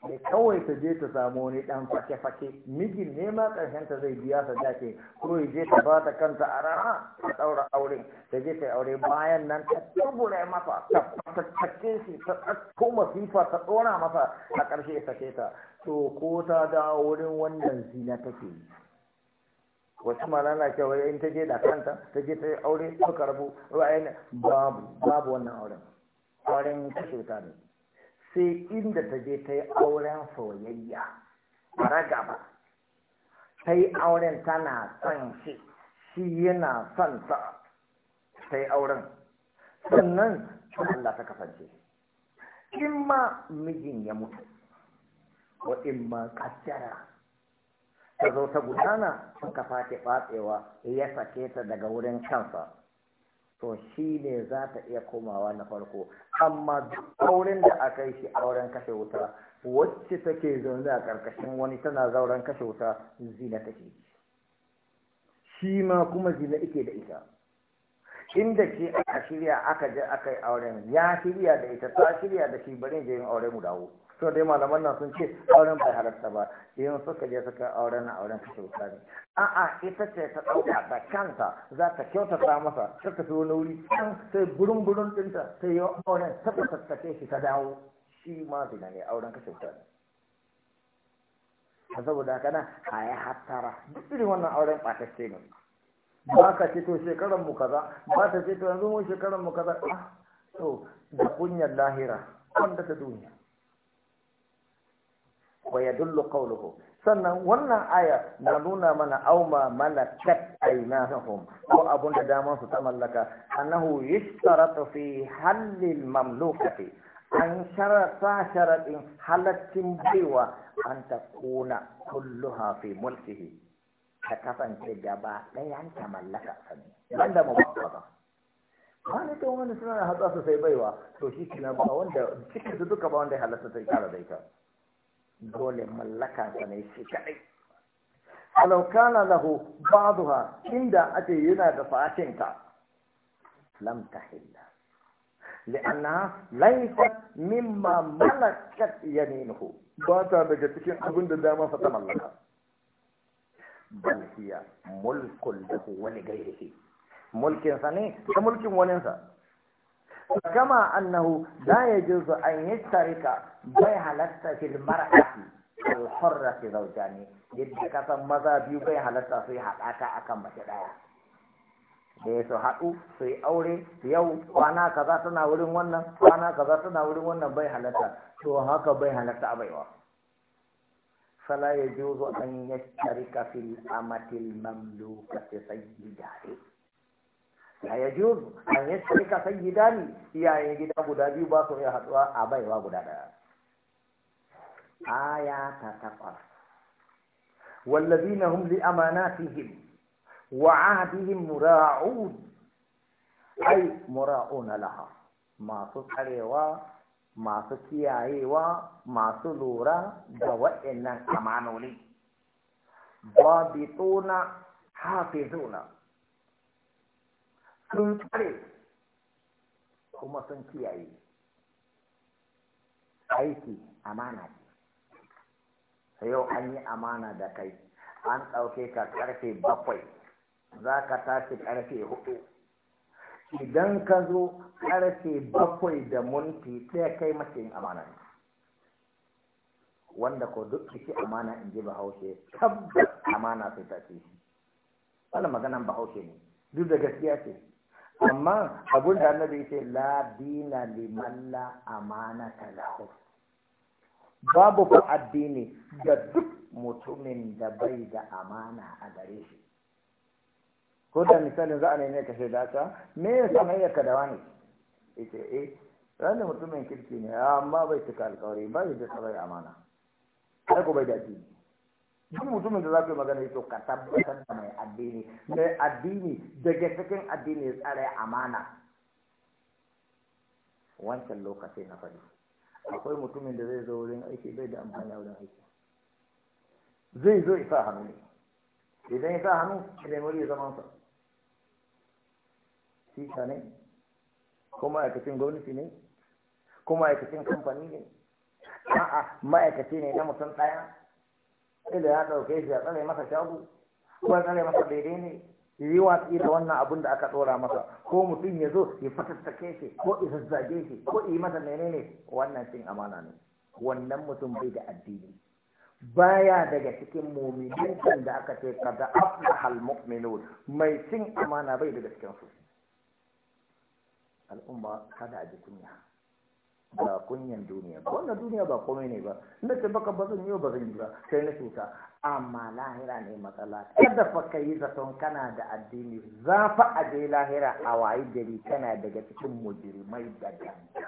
mai kawai ta je ta samu wani dan fake-fake mijin ne ma ta zai biya ta dace ko ya je ta ba ta kanta a rana ta ɗaura aure ta je ta aure bayan nan ta turbure mafa ta tattake shi ta ɗauko masifa ta ɗora masa a ƙarshe ta ce ta to ko ta dawo wurin wannan zina take yi wasu kyau cewa in ta je da kanta ta je ta aure suka rabu ra'ayin babu babu wannan auren auren kashe ta ne sai inda ta je ta yi auren soyayya a raga ba ta yi auren tana son shi shi yana son ta ta yi auren sannan Allah ta kasance in ma mijin ya mutu wa in ma kaddara ta zo ta gudana suka fake batsewa ya sake ta daga wurin kansa to shi ne za ta iya komawa na farko amma duk auren da aka yi shi auren kashe wuta wacce take zaune a ƙarƙashin wani tana zauren kashe wuta zina take shi ma kuma zina ike da ita inda shi a shirya aka je aka yi auren ya shirya da ita ta shirya da shi bari je yin auren mu dawo dai malaman nan sun ce auren bai halarta ba yin suka je suka auren na auren kashe kyauta ne a'a ita ce ta ɗauka da kanta za ta kyautata masa ta tafi wani wuri can sai burin burin ɗinta sai yi auren ta tattace shi ta dawo shi ma zina ne auren ka kyauta ne saboda haka nan a ya hattara duk irin wannan auren ɓatacce ne ba ka ce to shekaran mu kaza ba ta ce to yanzu mu shekaran mu kaza ah, to da kunyar lahira wanda ta duniya wa yadullu qawluhu sannan wannan aya na nuna mana auma malakat aynahum ko abun da dama su ta mallaka annahu yushtaratu fi halil mamlukati an sharata sharatin halattin baiwa an takuna kulluha fi mulkihi ka kasance gaba ɗaya ta mallaka ka ne wanda mu ba ba to wani suna hatsa su sai baiwa to shi kina ba wanda cikin su duka ba wanda ya halatta sai kara da ita dole mallaka ka ne shi kadai alau kana lahu ba'daha inda ake yana da fatin ka lam tahilla لأنها Ba مما daga cikin abinda da أبن داما mallaka. bal hiya mulkul lahu wa li ghayrihi mulkin sa ne ta mulkin wanin sa kama annahu la yajuzu an yashtarika bai halatta fil mar'ati al zauta ne, yadda kasan maza biyu bai halatta su yi haɗaka akan mace ɗaya da su haɗu su yi aure yau kwana kaza tana wurin wannan wurin wannan bai halatta to haka bai halatta a baiwa فلا يجوز أن يشترك في الأمة المملوكة سيدان لا يجوز أن يشترك سيدان يعني جدا قدابي باسم يحطوا أبي وقدابا آية تتقر والذين هم لأماناتهم وعهدهم مراعون أي مراعون لها ما تصحر masu kiyayewa masu lura da waɗannan amanoni hafi hafizuna sun tsare kuma sun kiyaye aiki amana ce yau an yi amana da kai an ɗauke ka ƙarfe bakwai za ka tashi ƙarfe hudu idan ka zo karfe bakwai da munti ɗaya kai mace yin amana ne wanda ko duk ciki amana in ji bahaushe tabbas amana sai ta ce maganan bahaushe ne duk da gaskiya ce amma abun da annabi ce la dina liman la amana lahu babu ku addini da duk mutumin da bai da amana a gare shi ko da misalin za a nemi ka shaida ka me ya sa mai yaka da wani ita eh ranar mutumin kirki ne amma bai cika alkawari ba da tsarai amana sai ko bai da addini duk mutumin da za ku yi magana ya ka tabbatar da mai addini mai addini daga cikin addini ya tsare amana wancan lokaci na fari akwai mutumin da zai zo wurin aiki bai da amfani a wurin aiki zai zo isa hannu ne idan ya sa hannu ya nemi wuri ya zama sa sisa ne ko ma'aikacin gwamnati ne ko ma'aikacin kamfani ne a'a ma'aikaci ne na mutum ɗaya inda ya ɗauke shi ya tsare masa shago ko ya tsare masa daidai ne yi watsi da wannan abun da aka ɗora masa ko mutum ya zo ya fatattake shi ko ya zazzage shi ko yi masa menene wannan cin amana ne wannan mutum bai da addini baya daga cikin muminin da aka ce kada aflahal mu'minun mai cin amana bai daga cikin su al'umma kada a ji kunya ba kunyan duniya ba wannan duniya ba komai ne ba inda ce baka ba zan yi ba zan yi ba sai na cuta amma lahira ne matsala kada fa ka yi zaton kana da addini za fa a je lahira a wayi gari kana daga cikin mujrimai da ganga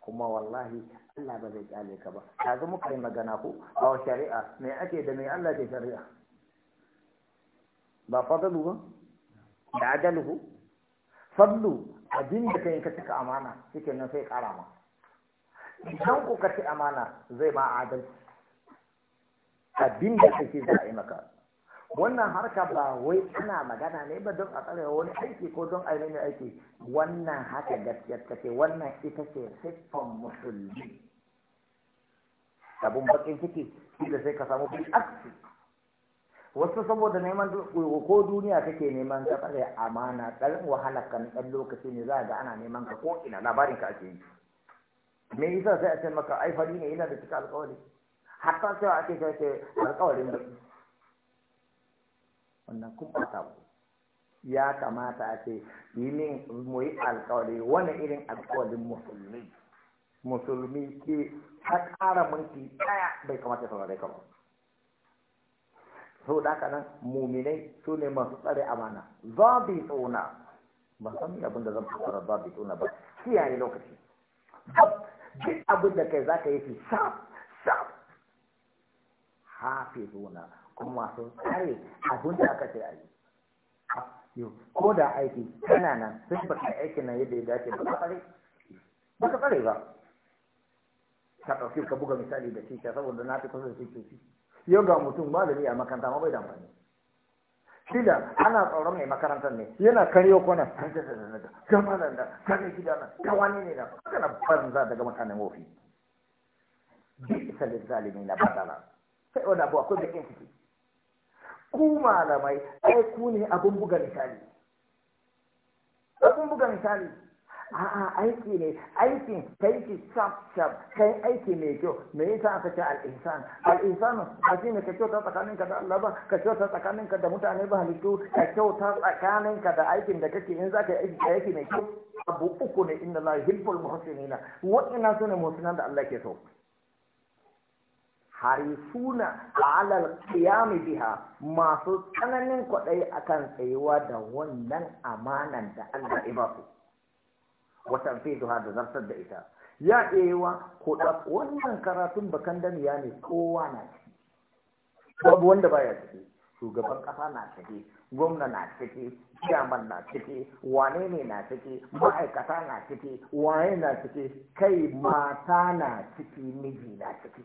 kuma wallahi Allah ba zai kyale ka ba yanzu muka yi magana ko a shari'a me ake da me Allah ke shari'a ba fadalu ba da ajaluhu sallu abin da kai ka cika amana shike nan sai kara ma idan ku ka ci amana zai ba adalci abin da kake za a yi maka wannan harka ba wai ina magana ne ba don a tsare wani aiki ko don a yi aiki wannan haka gaskiya take wannan ita ce siffan musulmi abun bakin ciki da sai ka samu bi wasu saboda neman ko duniya kake neman ka tsare amana ɗan wahala kan ɗan lokaci ne za ga ana neman ka ko ina labarin ka ake yi me yasa sai a ce maka ai fari ne yana da cika alƙawari hatta cewa ake ce ce alƙawarin baki wannan kuma ta ku ya kamata a ce yi min mu yi alƙawari wani irin alƙawarin musulmi musulmi ke ta ƙara mulki ɗaya bai kamata ya saurari ka sau da haka nan muminai su ne masu tsare amana zabi tsona ba san abin da zan fara zabi tsona ba kiyaye lokaci duk abin da kai za ka yi shi sharp sharp hafi zona kuma masu tsare abin da aka ce a yi ko da aiki kana nan sun baka aiki nan yadda ya dace ba ka tsare ba ka tsare ba ka ɗauki ka buga misali da shi saboda na fi kusa da shi yau ga mutum malami a makaranta ma bai da amfani da ana tsoron mai makarantar ne yana karyo kwana ta da da da ta da, da ta da gida na ta wani ne na kana banza daga mutanen wofi bi isa da zalimi na badala sai wani abu akwai bakin ciki ku malamai ai ku ne abun buga misali abun buga misali a'a aiki ne aikin kai ki sab sab kai aiki mai kyau me yasa aka ce al insan al insan ba shine ka kyauta tsakaninka da Allah ba ka kyauta ka da mutane ba halittu ka kyauta tsakaninka da aikin da kake in zaka yi aiki mai kyau abu uku ne inna Allah yuhibbul muhsinina wa'ina sunan muhsinan da Allah ke so harisuna alal qiyami biha masu tsananin kwaɗayi akan tsayuwa da wannan amanan da Allah ya ba su watan fiduha da zartar da ita ya ɗewa ko wannan karatun bakan damiya ne kowa na ciki babu wanda baya ciki shugaban ƙasa na ciki gwamna na ciki chairman na ciki wane ne na ciki ma'aikata na ciki waye na ciki kai mata na ciki miji na ciki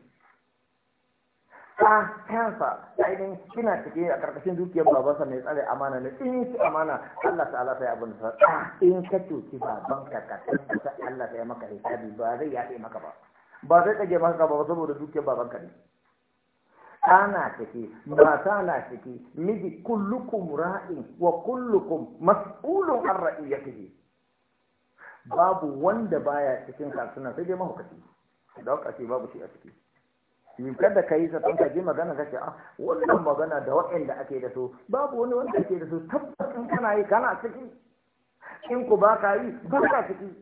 ta kansa ainihin kina cike a ƙarƙashin dukiyar babansa mai tsare amana ne in ci amana Allah ta'ala ta yi abin da ta in ka cuci babanka ka tabbata Allah ta yi maka hisabi ba zai yaɗe maka ba ba zai tsage maka ba saboda dukiyar ka ne ana ciki mata na ciki miji kullukum ra'in wa kullukum mas'ulun an ra'iyatihi babu wanda baya cikin kasuwa sai dai mahaukaci da babu shi a ciki kada ka yi sa ka ji magana ka ce ah, wannan magana da waɗanda ake da su babu wani wanda ake da su tabbas in kana yi kana ciki in ku ba ka yi ba ka ciki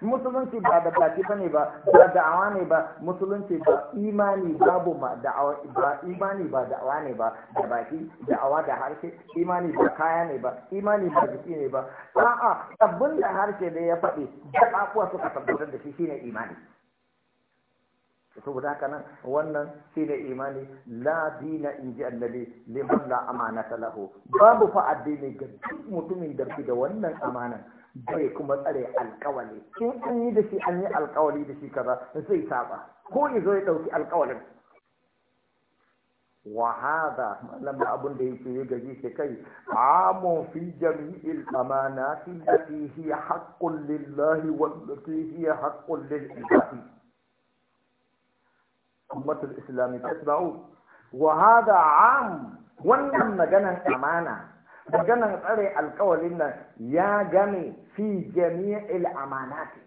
musulunci ba da baki ne ba ba da'awa ne ba musulunci ba imani babu ma da'awa ba imani ba da'awa ne ba da baki da'awa da harshe imani ba kaya ne ba imani ba jiki ne ba a'a abin da harshe ne ya faɗi da suka tabbatar da shi shine imani saboda haka nan wannan shi ne imani la dina in ji annabi liman la ta lahu babu fa addini ga duk mutumin da da wannan amanan bai kuma tsare alkawali in an yi da shi an yi alkawali da shi kaza zai saba ko ya zo ya dauki alkawalin wa hada malama abun da yake yi gaji shi kai amun fi jami'il amanati lati hiya haqqun lillahi lati hiya haqqun lil ibadi ummatul islami tasba'u wa hada am wannan maganan amana maganan tsare alƙawarin nan ya game fi jami'il amanati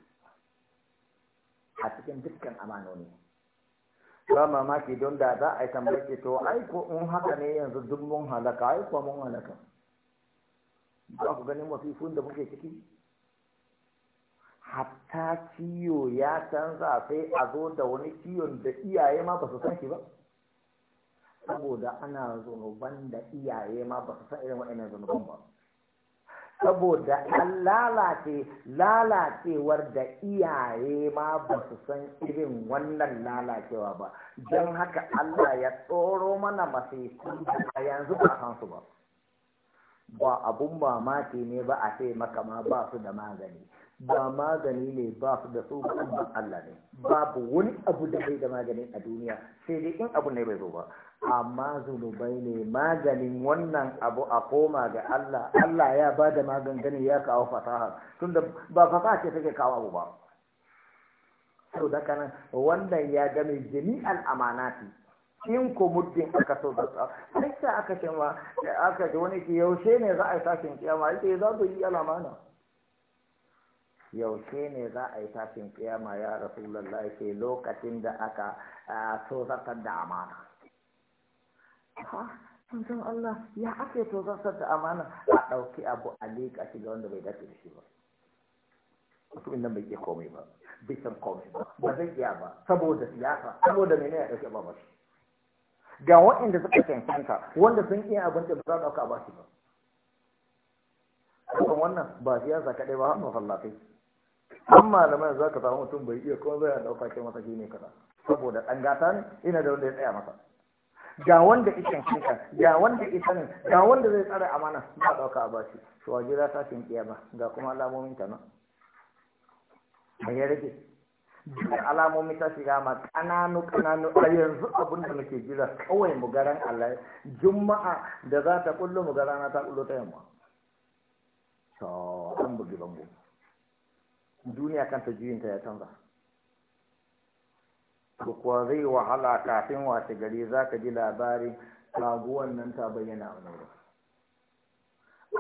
a cikin dukkan amanoni ba mamaki don da za a yi tambaye to aiko in haka ne yanzu duk mun halaka aiko mun halaka ba ku ganin mafifin da muke ciki hatta ciwo ya canza sai a zo da wani ciyon da iyaye ma ba su san shi ba saboda ana zunuban da iyaye ma ba su san irin waɗannan zunuban ba saboda an lalace lalacewar da iyaye ma ba su san irin wannan lalacewa ba don haka Allah ya tsoro mana masifin a yanzu ba san su ba ba abun mamaki ne ba a ce maka ma ba su da magani ba magani ne ba su da su ba Allah ne babu wani abu da bai da magani a duniya sai dai in abu ne bai zo ba amma zunubai ne maganin wannan abu a koma ga Allah Allah ya ba da magangani ya kawo fasaha tunda ba fasaha ce take kawo abu ba sau da kanan wannan ya gami jini amanati in ko muddin aka so da tsara sai aka ce aka wani ke yaushe ne za a yi tashin kiyama yake za su yi al'amana yaushe ne za a yi tashin kiyama ya rasulallah ke lokacin da aka tozartar da amana Ha! san Allah ya ake tozartar da amana a ɗauki abu a leƙa shiga wanda bai dace da shi ba mutumin nan bai iya komai ba bai san komai ba ba zai iya ba saboda siyasa saboda mene ya ɗauki ba shi ga waɗanda suka cancanta wanda sun iya abin da ba za a ɗauka ba shi ba kan wannan ba siyasa kaɗai ba ma fallafai. an malamai za ka samu mutum bai iya kuma zai dauka kai masa shine kaza saboda ɗan gata ne ina da wanda ya tsaya masa ga wanda ikin hanka ga wanda ita ne ga wanda zai tsara amana ba dauka a bashi shi waje shi ta shin kiyama ga kuma alamomin ta nan bai ya rage duk alamomin ta shiga ma kananu kananu a yanzu abin da muke jira kawai mu garan Allah juma'a da za ta kullu mu garana ta kullu ta yamma to an bugi bango duniya kanta juyinta ya canza to kuwa zai wahala kafin washe gari za ka ji labarin raguwan nan ta bayyana a wurin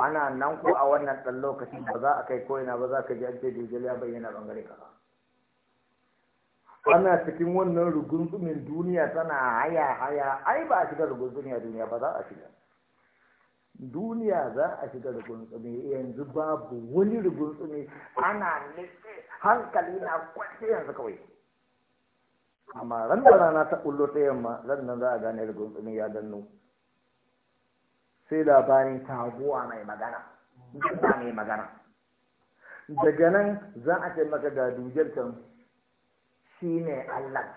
ana nan ko a wannan ɗan lokaci ba za a kai koyina ba za ka ji ake da ya bayyana ka kaza ana cikin wannan rugunzumin duniya tana haya haya ai ba a shiga rugunzumin duniya ba za a shiga duniya za a shiga rigunsumi yanzu babu wani rigunsumi ana nufi hankali na kwanci yanzu kawai amma ran da rana ta kullo ta yamma ran nan za a gane rigunsumi ya danno sai labarin taguwa mai magana dabba mai magana daga nan za a ce maka da dujar can shi ne allah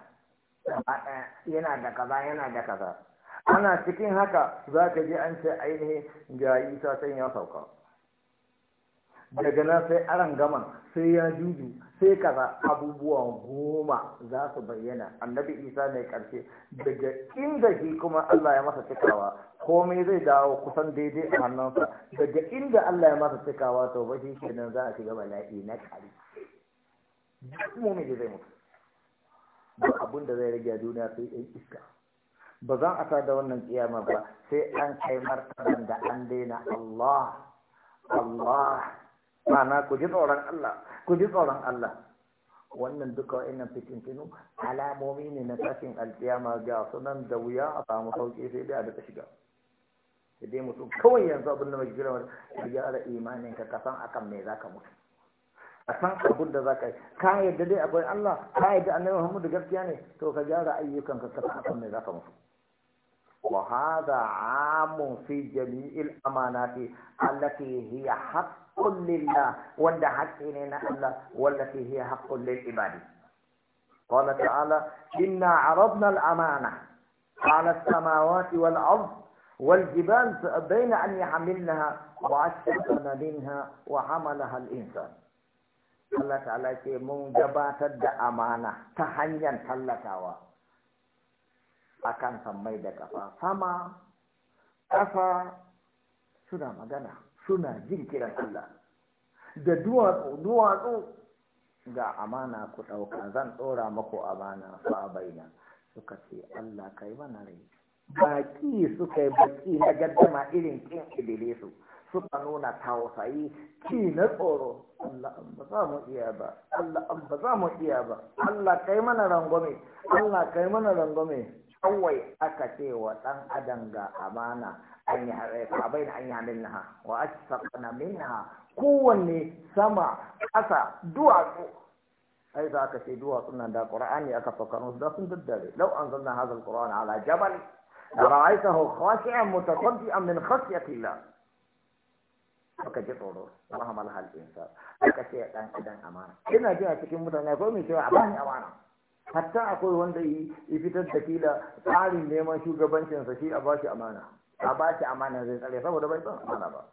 yana da kaza yana da kaza ana cikin haka za ka je an ce ainihin ga isa sai ya sauka daga nan sai aran gaman sai ya juju sai kaza abubuwa goma za su bayyana annabi isa mai karshe daga inda shi kuma allah ya masa cikawa komai zai dawo kusan daidai a hannunsa daga inda allah ya masa cikawa to ba shi nan za a shiga bala'i na kari duk mu da zai mutu ba abin da zai rage duniya sai ɗan iska ba za a da wannan kiyama ba sai an kai martaban da an daina Allah Allah mana ku ji tsoron Allah ku ji tsoron Allah wannan duka wa'annan fitintinu alamomi ne na tashin alkiyama ga sunan da wuya a samu sauki sai dai a daga shiga sai dai mutum kawai yanzu abin da mai gira wani gyara imanin ka kasan akan me ka mutu a san abin da za ka yi ka yadda dai akwai Allah ka yadda annabi Muhammadu gaskiya ne to ka gyara ayyukan ka kasa akan me za ka mutu وهذا عام في جميع الأمانات التي هي حق لله وند الله والتي هي حق للعباد قال تعالى إنا عرضنا الأمانة على السماوات والأرض والجبال بين أن يحملنها وأشفقنا منها وحملها الإنسان الله تعالى يقول من جبات الأمانة تحنيا تلتاوا akan sammai da kafa sama kafa suna magana suna jin kiran Allah da duwatsu duwatsu ga amana ku ɗauka zan ɗora maku amana fa baina suka ce Allah kai mana rai baki suka yi baki na gaddama irin kin Su suka nuna tausayi ki na tsoro Allah an ba za mu iya ba Allah an ba za mu iya ba Allah kai mana rangwame Allah kai mana rangwame kawai aka ce wa ɗan adam ga amana an yi da an yi haminha wa ashfaqna minha kowanne sama ƙasa duwatsu ai za ka ce duwatsu nan da qur'ani aka fakar musu da sun daddare lau an zanna hadha alqur'ana ala jabal ra'aytahu khashi'an mutasaddian min khashyati allah aka ji tsoro rahmal hal insa aka ce ɗan adam amana ina jiya cikin mutane ko mai cewa a bani amana hatta akwai wanda ya fitar da kila tsarin neman shugabancinsa shi a bashi amana a bashi amana zai tsare saboda bai san amana ba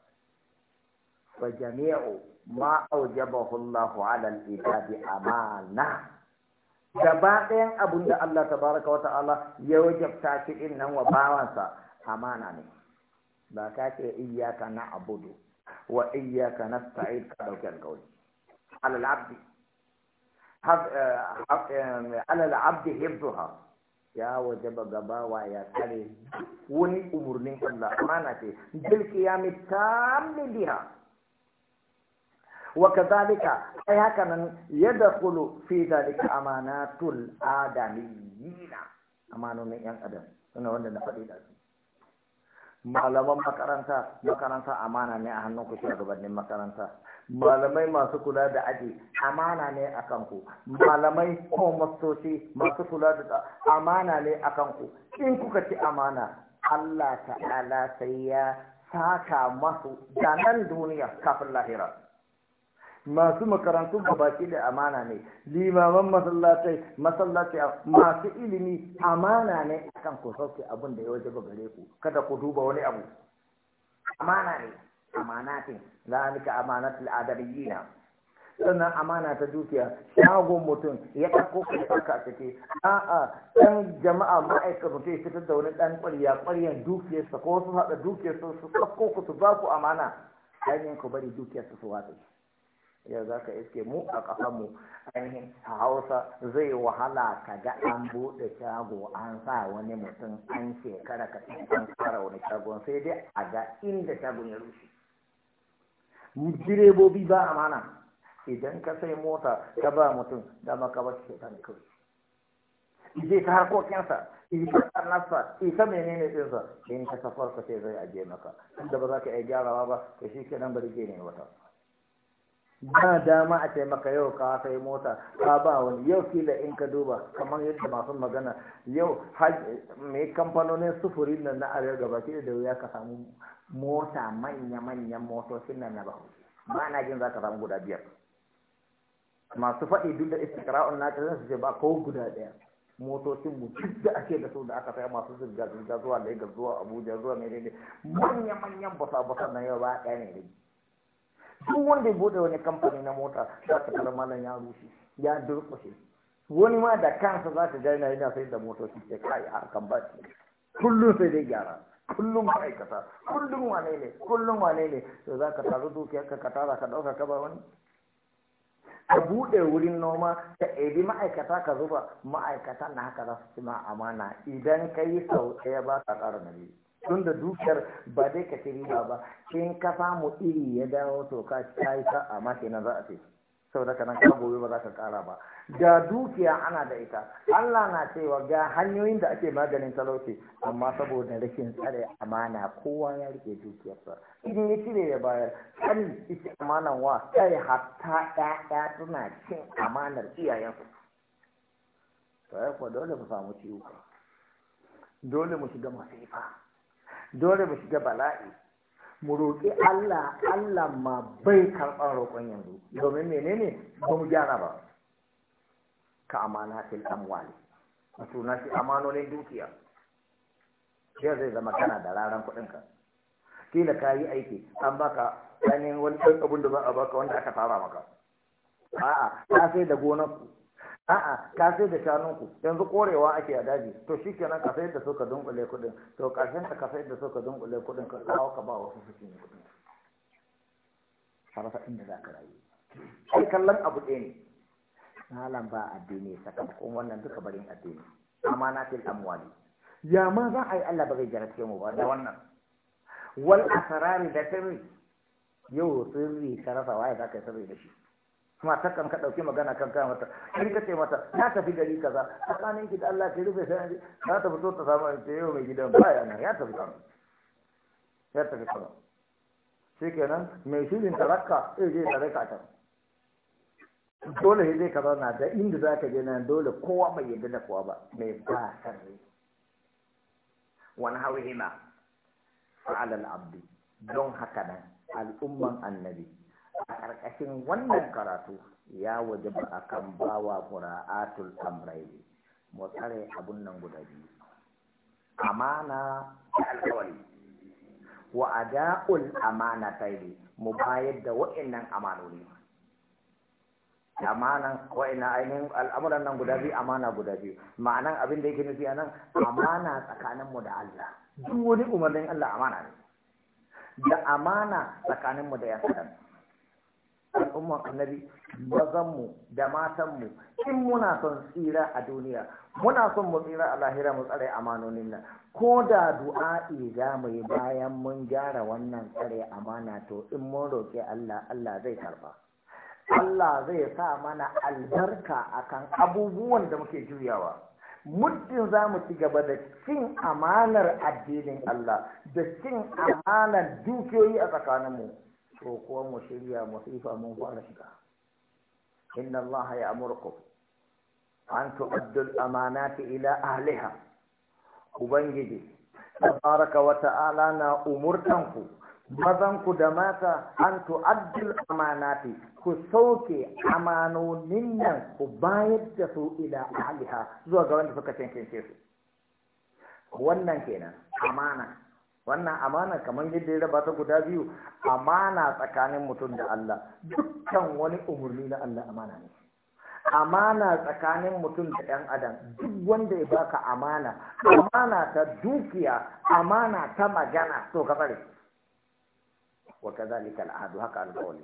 fa jami'u ma aujabahu Allahu ala al-ibadi amana gaba ɗayan abun da Allah tabaraka wa ta'ala ya wajabta shi din nan wa bawansa amana ne ba ka ce iyyaka na'budu wa iyyaka nasta'in ka dauke alƙawari alal abdi alal abdi hibduha ya wajaba gabawa ya kare wani umurnin Allah amana ce ya mi tammi biha wa kadhalika ay haka nan yadkhulu fi dhalika amanatul adamiyina amanonin yan adam suna wanda na faɗi da su malaman makaranta makaranta amana ne a hannun ku shugabannin makaranta malamai masu kula da aji amana ne a kanku malamai ko mastoci masu kula da amana ne a kanku in kuka ci amana Allah ta'ala sai ya saka masu da duniya kafin lahira masu makarantu baki da amana ne limaman masallatai masallatai masu ilimi amana ne akan ku sauke abin da ya waje ba gare ku kada ku duba wani abu amana ne amanatin zalika amanatul adabiyina sannan amana ta dukiya shagon mutum ya ɗauko ku ya ɗauka ciki a'a ɗan jama'a ma'aikata ta fitar da wani ɗan ƙwarya ƙwaryan dukiyarsa ko su haɗa dukiyarsa su ɗauko ku su ba ku amana hanyar ku bari dukiyarsa su watsa ya za ka iske mu a ƙasanmu ainihin a hausa zai wahala ka ga an buɗe shago an sa wani mutum an shekara ka an fara wani shagon sai dai a ga inda shagon ya rushe direbobi ba amana idan ka sai mota ka ba mutum dama ka bashi ta kawai je ta harkokinsa ita ƙarnarsa ita menene ɗinsa in ka safar ka sai zai aje maka inda ba za ka iya gyarawa ba ka shi kenan bari ke ne wata ba dama a taimaka yau ka kai mota ka ba wani yau kila in ka duba kamar yadda masu magana yau mai kamfanonin sufuri nan na arewa gaba ke da wuya ka samu mota manya-manyan motocin nan na ba ba na jin za ka samu guda biyar masu faɗi duk da istikra'un na ƙasar su ce ba ko guda ɗaya motocin mu duk da ake da su da aka saya masu zirga-zirga zuwa lagos zuwa abuja zuwa mai manya-manyan basa-basa na yau ba ɗaya ne duk wanda ya bude wani kamfani na mota za ta tara malam ya rushe ya durkushe wani ma da kansa za ka gani yana sai da motoci ce kai kan ba kullum sai dai gyara kullum ma'aikata kullum wane ne kullum wane ne to za ka taru dukiyarka ka tara ka ɗauka ka ba wani a buɗe wurin noma ka ɗebi ma'aikata ka zuba ma'aikata na haka za su ci ma amana idan ka yi sau ɗaya ba ka ƙara na biyu tun da dukiyar ba dai ka riba ba in ka samu iri ya dawo to ka ta yi sa'a ma za a ce saboda kanan ka gobe ba za ka kara ba da dukiya ana da ita Allah na cewa ga hanyoyin da ake maganin talauci amma saboda rashin tsare amana kowa ya rike dukiyarsa idan ya cire ya bayar kan ita amana wa kai hatta ɗaya suna cin amanar iyayensu to ya dole mu samu ciwo dole mu shiga masifa dole mu shiga bala'i mu roƙi Allah Allah ma bai karɓar roƙon yanzu domin menene ba mu gyara ba ka amana fil amwali wato na shi amanonin dukiya ke zai zama kana da raran kuɗin ka kila ka yi aiki an baka ɗanin wani abin da za a baka wanda aka fara maka a'a ka sai da gonar a'a ka sai da shanunku yanzu korewa ake a daji to shi kenan ka sai da so ka dunkule kuɗin to ƙarshen ka sai da so ka dunkule kuɗin ka kawo ka ba wasu suke ne kudin harfa inda za ka rayu sai kallon abu ɗaya ne malam ba addini sakamakon wannan duka barin addini na fil amwali ya ma za a yi Allah ba zai jarabce mu ba da wannan wal asrar da sirri yau sirri ka rasa waye za ka yi sirri da shi ta kan ka ɗauki magana kan kaya mata in ka ce mata Ya tafi gari kaza tsakanin ki da Allah ke rufe sai an za ta fito ta samu ta yau mai gidan baya nan ya tafi kano ya tafi kano shi kenan mai shirin tarakka zai je taraka ta dole sai zai ka zauna da inda za ka je nan dole kowa bai yadda da kowa ba mai ba ne wani hawa hauhima fa'alal abdi don haka nan al'umman annabi a ƙarƙashin wannan karatu ya waje ba a kan bawa mura'atul amraini mu tsare abun nan guda biyu amana da alƙawari. wa ada'ul amana taili mu bayar da wa'annan amanoni amanan wa'annan ainihin al'amuran nan guda biyu amana guda biyu ma'anan abin da yake nufi anan amana tsakaninmu da Allah duk wani umarnin Allah amana ne da amana tsakaninmu da yan adam al'umman annabi mu da matanmu in muna son tsira a duniya muna son mu tsira a lahira mu tsare amanonin nan ko da du'a'i za mu yi bayan mun gyara wannan tsare amana to in mun roƙi Allah Allah zai karba Allah zai sa mana albarka akan abubuwan da muke juyawa muddin za mu ci gaba da cin amanar addinin Allah da cin amanar dukiyoyi a tsakaninmu to mu shirya musifa mun fara shiga inna Allah ya amurku an tu'addu al-amanati ila ahliha ubangiji tabaraka wa ta'ala na umurtanku mazanku da mata an tu'addul amanati ku sauke amanonin nan ku bayar da su ila ahliha zuwa ga wanda suka cancance su wannan kenan amana wannan amana kamar yadda ya raba ta guda biyu amana tsakanin mutum da Allah dukkan wani umarni na Allah amana ne amana tsakanin mutum da ɗan adam duk wanda ya baka amana amana ta dukiya amana ta magana to ka bari wa kadhalika al'adu haka alƙawali.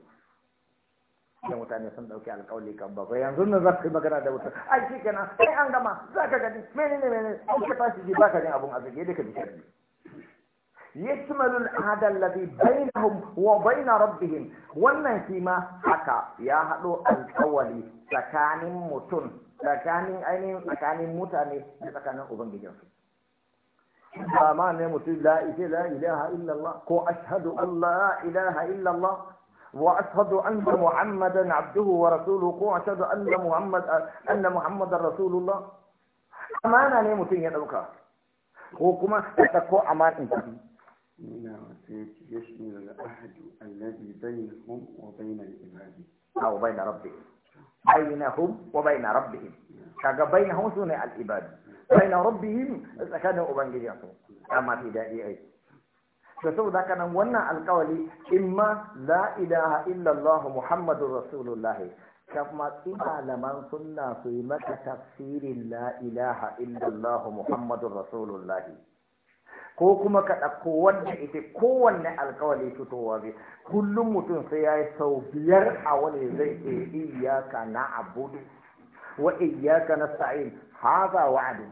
idan mutane sun ɗauki alƙawali kan bako yanzu nan za ka yi magana da wuta ai shi kenan sai an gama za ka gani menene menene ne ka tashi ji baka jin abun zage da ka ji sharri يشمل العهد الذي بينهم وبين ربهم wannan shi ma haka ya haɗo alƙawari tsakanin mutum tsakanin ainihin tsakanin mutane da tsakanin ubangijinsu ba ma ne mutum la la ilaha illallah ko ashhadu an la ilaha illallah وأشهد أن محمدا عبده ورسوله وأشهد أن محمد أن محمدا رسول الله أمانة ne mutum ya ɗauka ko kuma ta ko amanin tafi من يشمل الأحد الذي بينهم وبين العباد أو بين ربهم بينهم وبين ربهم كما بينهم سنة العباد بين ربهم إذا كانوا أبنجيسوا أما في دائعي فسوف كان ونا القول إما لا إله إلا الله محمد رسول الله كما إما لمن سنة في تفسير لا إله إلا الله محمد رسول الله ko kuma ka ɗauko wanda ita kowanne alkawali fitowa zai kullum mutum sai ya yi sau biyar a wani zai ke iyaka na abudu wa iyaka na sa'in haza adu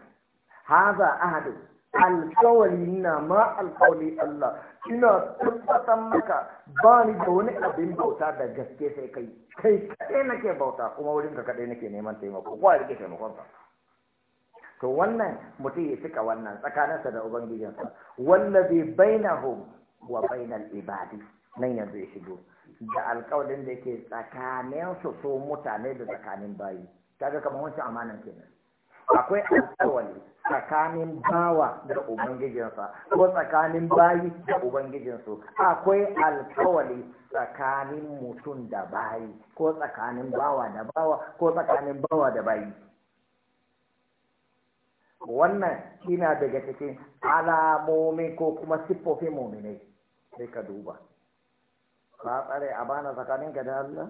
haza ahadu alkawali na ma alkawali Allah ina tabbatar maka ba ni da wani abin bauta da gaske sai kai kai kaɗai nake bauta kuma wurin ka kaɗai nake neman taimako ko a rike taimakon ka to wannan mutum ya cika wannan tsakaninsa da ubangijinsa wallazi bainahum wa bainar ibadi nan yanzu ya shigo da alƙawarin da yake tsakanin su mutane da tsakanin bayi kaga kamar wancan amanan kenan akwai alƙawari tsakanin bawa da ubangijinsa ko tsakanin bayi da ubangijinsu akwai alƙawari tsakanin mutum da bayi ko tsakanin bawa da bawa ko tsakanin bawa da bayi wannan ina daga cikin alamomi ko kuma siffofin muminai sai ka duba ka tsare a bana tsakaninka da Allah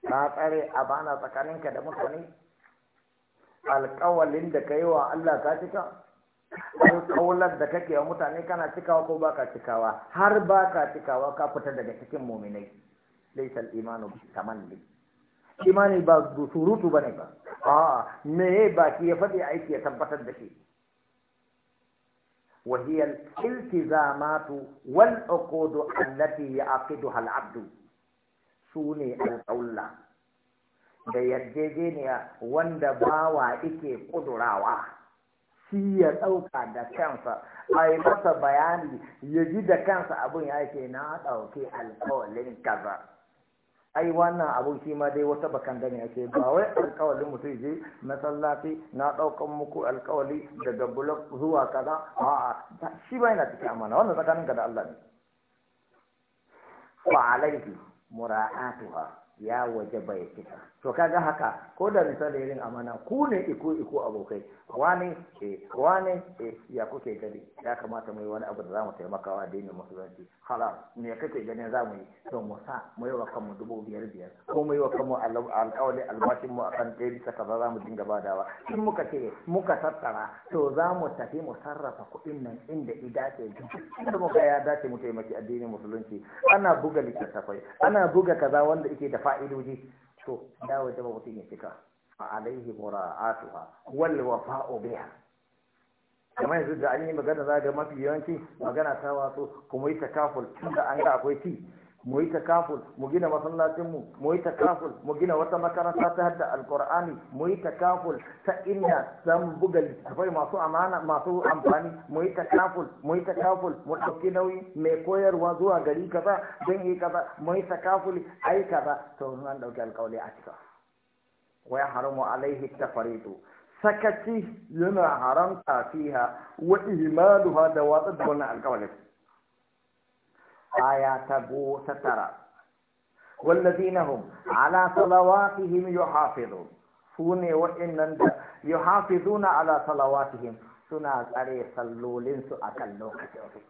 ka tsare a bana tsakaninka da mutane alƙawalin da ka yi wa Allah ka cika alƙawalar da kake wa mutane kana cikawa ko baka cikawa har baka cikawa ka fita daga cikin muminai laysal imanu bi tamanni imani ba surutu bane ba a'a me baki ya faɗi aiki ya tabbatar da shi وهي الالتزامات والعقود التي يعقدها العبد سوني الأولى da yadda yarjejeniya wanda bawa ike kudurawa shi ya ɗauka da kansa a yi masa bayani ya ji da kansa abin ya ke na ɗauki alkawalin kaza ai wannan abun shi ma dai wata bakan ne ake ba wai alkawalin mutum je masallaci na daukan muku alkawali daga bulok zuwa kaza a'a shi ba yana cikin amana wannan ga da Allah ne fa alaihi mura'atuha ya waje bai fita to kaga haka ko da misali irin amana ku ne iko iko abokai wane ke eh, wani ke eh, ya kuke gani ya kamata mu yi wani abu da zamu taimaka wa addinin musulunci hala me kake gani za mu yi to mu sa mu yi wa kanmu dubu biyar biyar ko mu yi wa kanmu alƙawali albashin mu akan ɗaya bisa kaza za mu dinga badawa in muka ce muka tattara to zamu tafi mu sarrafa kuɗin nan inda i dace inda muka ya dace mu taimaki addinin musulunci ana buga littattafai ana buga kaza wanda yake da fa'idoji to da waje ba mutum ya cika a alaihi mura'atuha wal wafa'u biha kamar yanzu da an yi magana za ga mafi yawanci magana ta wato kuma yi takaful tunda an ga akwai ci mu yi takaful mu gina masallacin mu mu yi takaful mu gina wata makaranta ta hadda alkur'ani mu yi takaful ta inda zan buga littattafai masu amana masu amfani mu yi takaful mu yi takaful mu dauki nauyi mai koyarwa zuwa gari kaza don yi kaza mu yi takaful ai kaza to an dauki alƙawali a cika wa haramu alaihi tafaritu sakaci yana haramta fiha wa ihmaluha da watsar da wannan alƙawalin aya ta goma ta tara wallazinahum ala salawatihim yuhafizun su ne wa'annan da yuhafizuna ala salawatihim suna tsare sallolin su akan lokacin su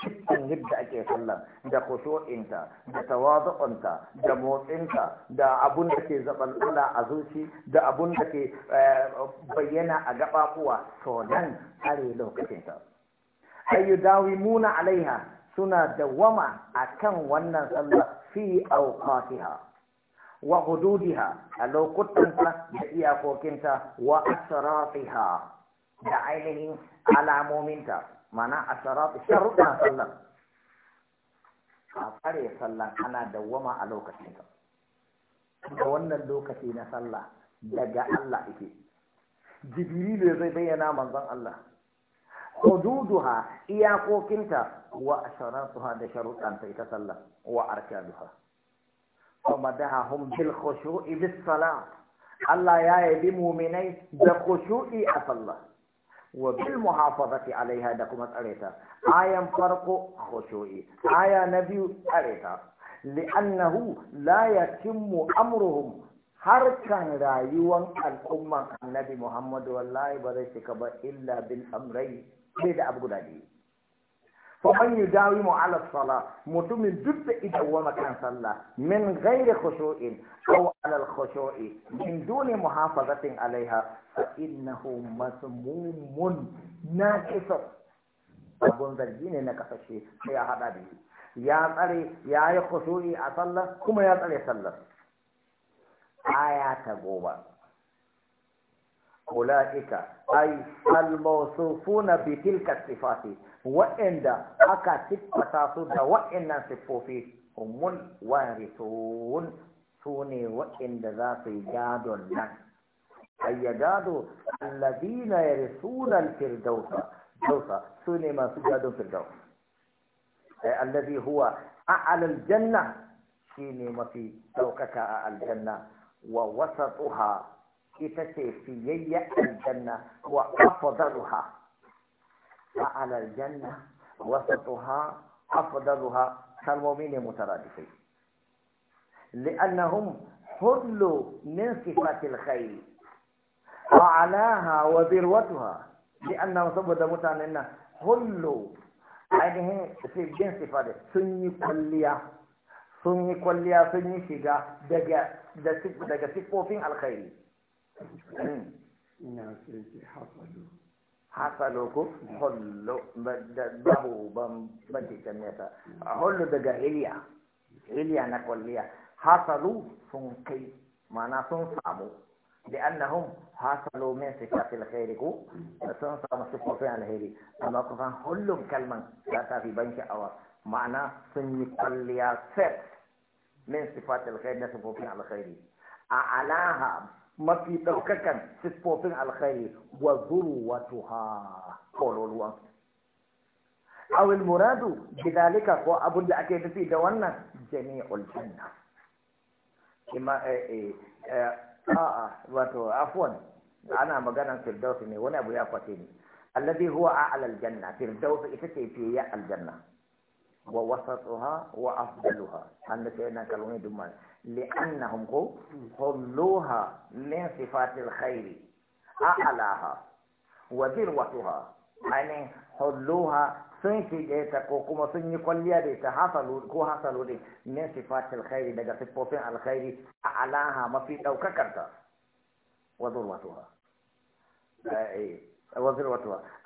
cikin yadda ake sallan da kusurinta da tawazuƙunta da motsinta da abun da ke zaɓalɓala a zuci da abun da ke bayyana a gaɓaɓuwa to nan tsare lokacin dawimuna alaiha suna dawama a kan wannan sallah fi awqatiha wa hududiha a lokutanta da iyakokinta wa asratiha da ainihin alamominta mana asrati sharuɗan sallah a kare sallar ana dawama a lokacinta da wannan lokaci na sallah daga Allah ike jibrilu zai bayyana manzon Allah hududuha iyakokinta wa asharatuha da sharuɗanta ita sallah wa arkanuha famadahum bil khushu'i bis Salah. Allah ya yabi muminai da khushu'i a sallah wa bil muhafazati alaiha da kuma tsareta ayan farko khushu'i aya na biyu tsareta li'annahu la yatimmu amruhum harkan rayuwan al'umman annabi Muhammadu wallahi ba zai cika ba illa bil amrai sai da abu guda biyu fa man yudawimu ala sala mutumin duk da ita wani kan sallah min ghairi khushu'in aw ala al khushu'i min duni muhafazatin alaiha fa innahu masmumun naqisa abun zargi ne na kasashe sai ya hada da shi ya tsare ya yi khushu'i a sallah kuma ya tsare sallah aya ta goma أولئك أي الموصوفون بتلك الصفات وإن أكا سبتاسود وإن سفو فيه هم الوارثون سوني وإن ذات جاد لك أي جاد الذين يرثون الفردوس دوسة سوني ما سجاد الفردوس الذي هو أعلى الجنة شيني ما في توقك الجنة ووسطها ita ce fiyayya aljanna wa afdaluha fa ala aljanna wasatuha afdaluha kalmomi ne mutaradifai li'annahum hullu min sifatil khair wa alaha wa zirwatuha li'annahum saboda mutanen nan hullu ainihin bin sifati sun yi kwalliya sun yi kwalliya sun yi shiga daga daga sifofin alkhairi ina sai mm. a hollo daga iliya na kwalliya hasalo kai mana sun samu mm. da ko sun samu alheri amma kuma kalman da banki awa mana sun yi kwalliya set min sifatil a alaha mafi ɗaukakan siffofin alkhairi wa ha kololuwa awil muradu bidalika ko abin da ake nufi da wannan jami janna ima eh, eh, eh, a wato afuwan ana maganan firdaus ne wani abu ya kwace ne alladhi huwa a'la aljanna firdaus ita ce fiye aljanna wa wasatuha wa afdaluha annabi yana kalmomi dumma لأنهم خلوها من صفات الخير أعلاها وذروتها يعني خلوها sun shige ta ko kuma sun yi kwalliya da ita hasalu ko hasalu ne min sifatil khairi daga siffofin alkhairi a alaha mafi daukakar ta wa zurwatuha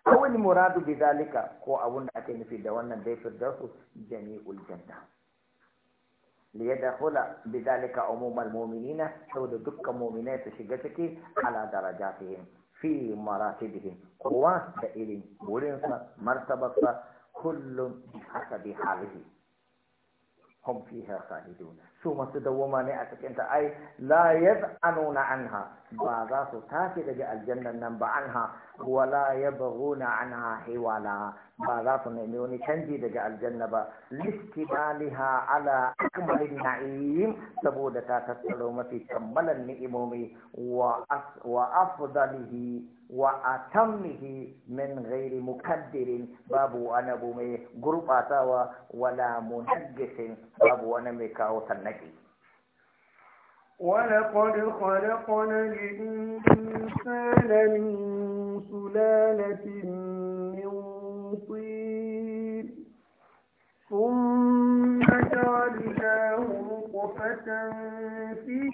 wa muradu bi zalika ko abun ake nufi da wannan dai firdausu jami'ul ليدخل بذلك عموم المؤمنين سود دك مؤمنات شجتك على درجاتهم في مراتبهم قوات سائلين ورنسة مرتبة كل بحسب حاله hum fiha khalidun su masu dawwama ne a cikin ta ai la yaz'anuna anha ba za su tafi daga aljannan nan ba anha wala yabghuna anha hiwala ba za su nemi wani canji daga aljanna ba listidaliha ala akmalin na'im saboda ta tattaro mafi kammalan ni'imomi wa afdalihi وأتمه من غير مكدر بابو أنا بومي جروب أتاوى ولا منجس بابو أنا ميكاو تنجي ولقد خلقنا الإنسان من سلالة من طين ثم جعلناه نطفة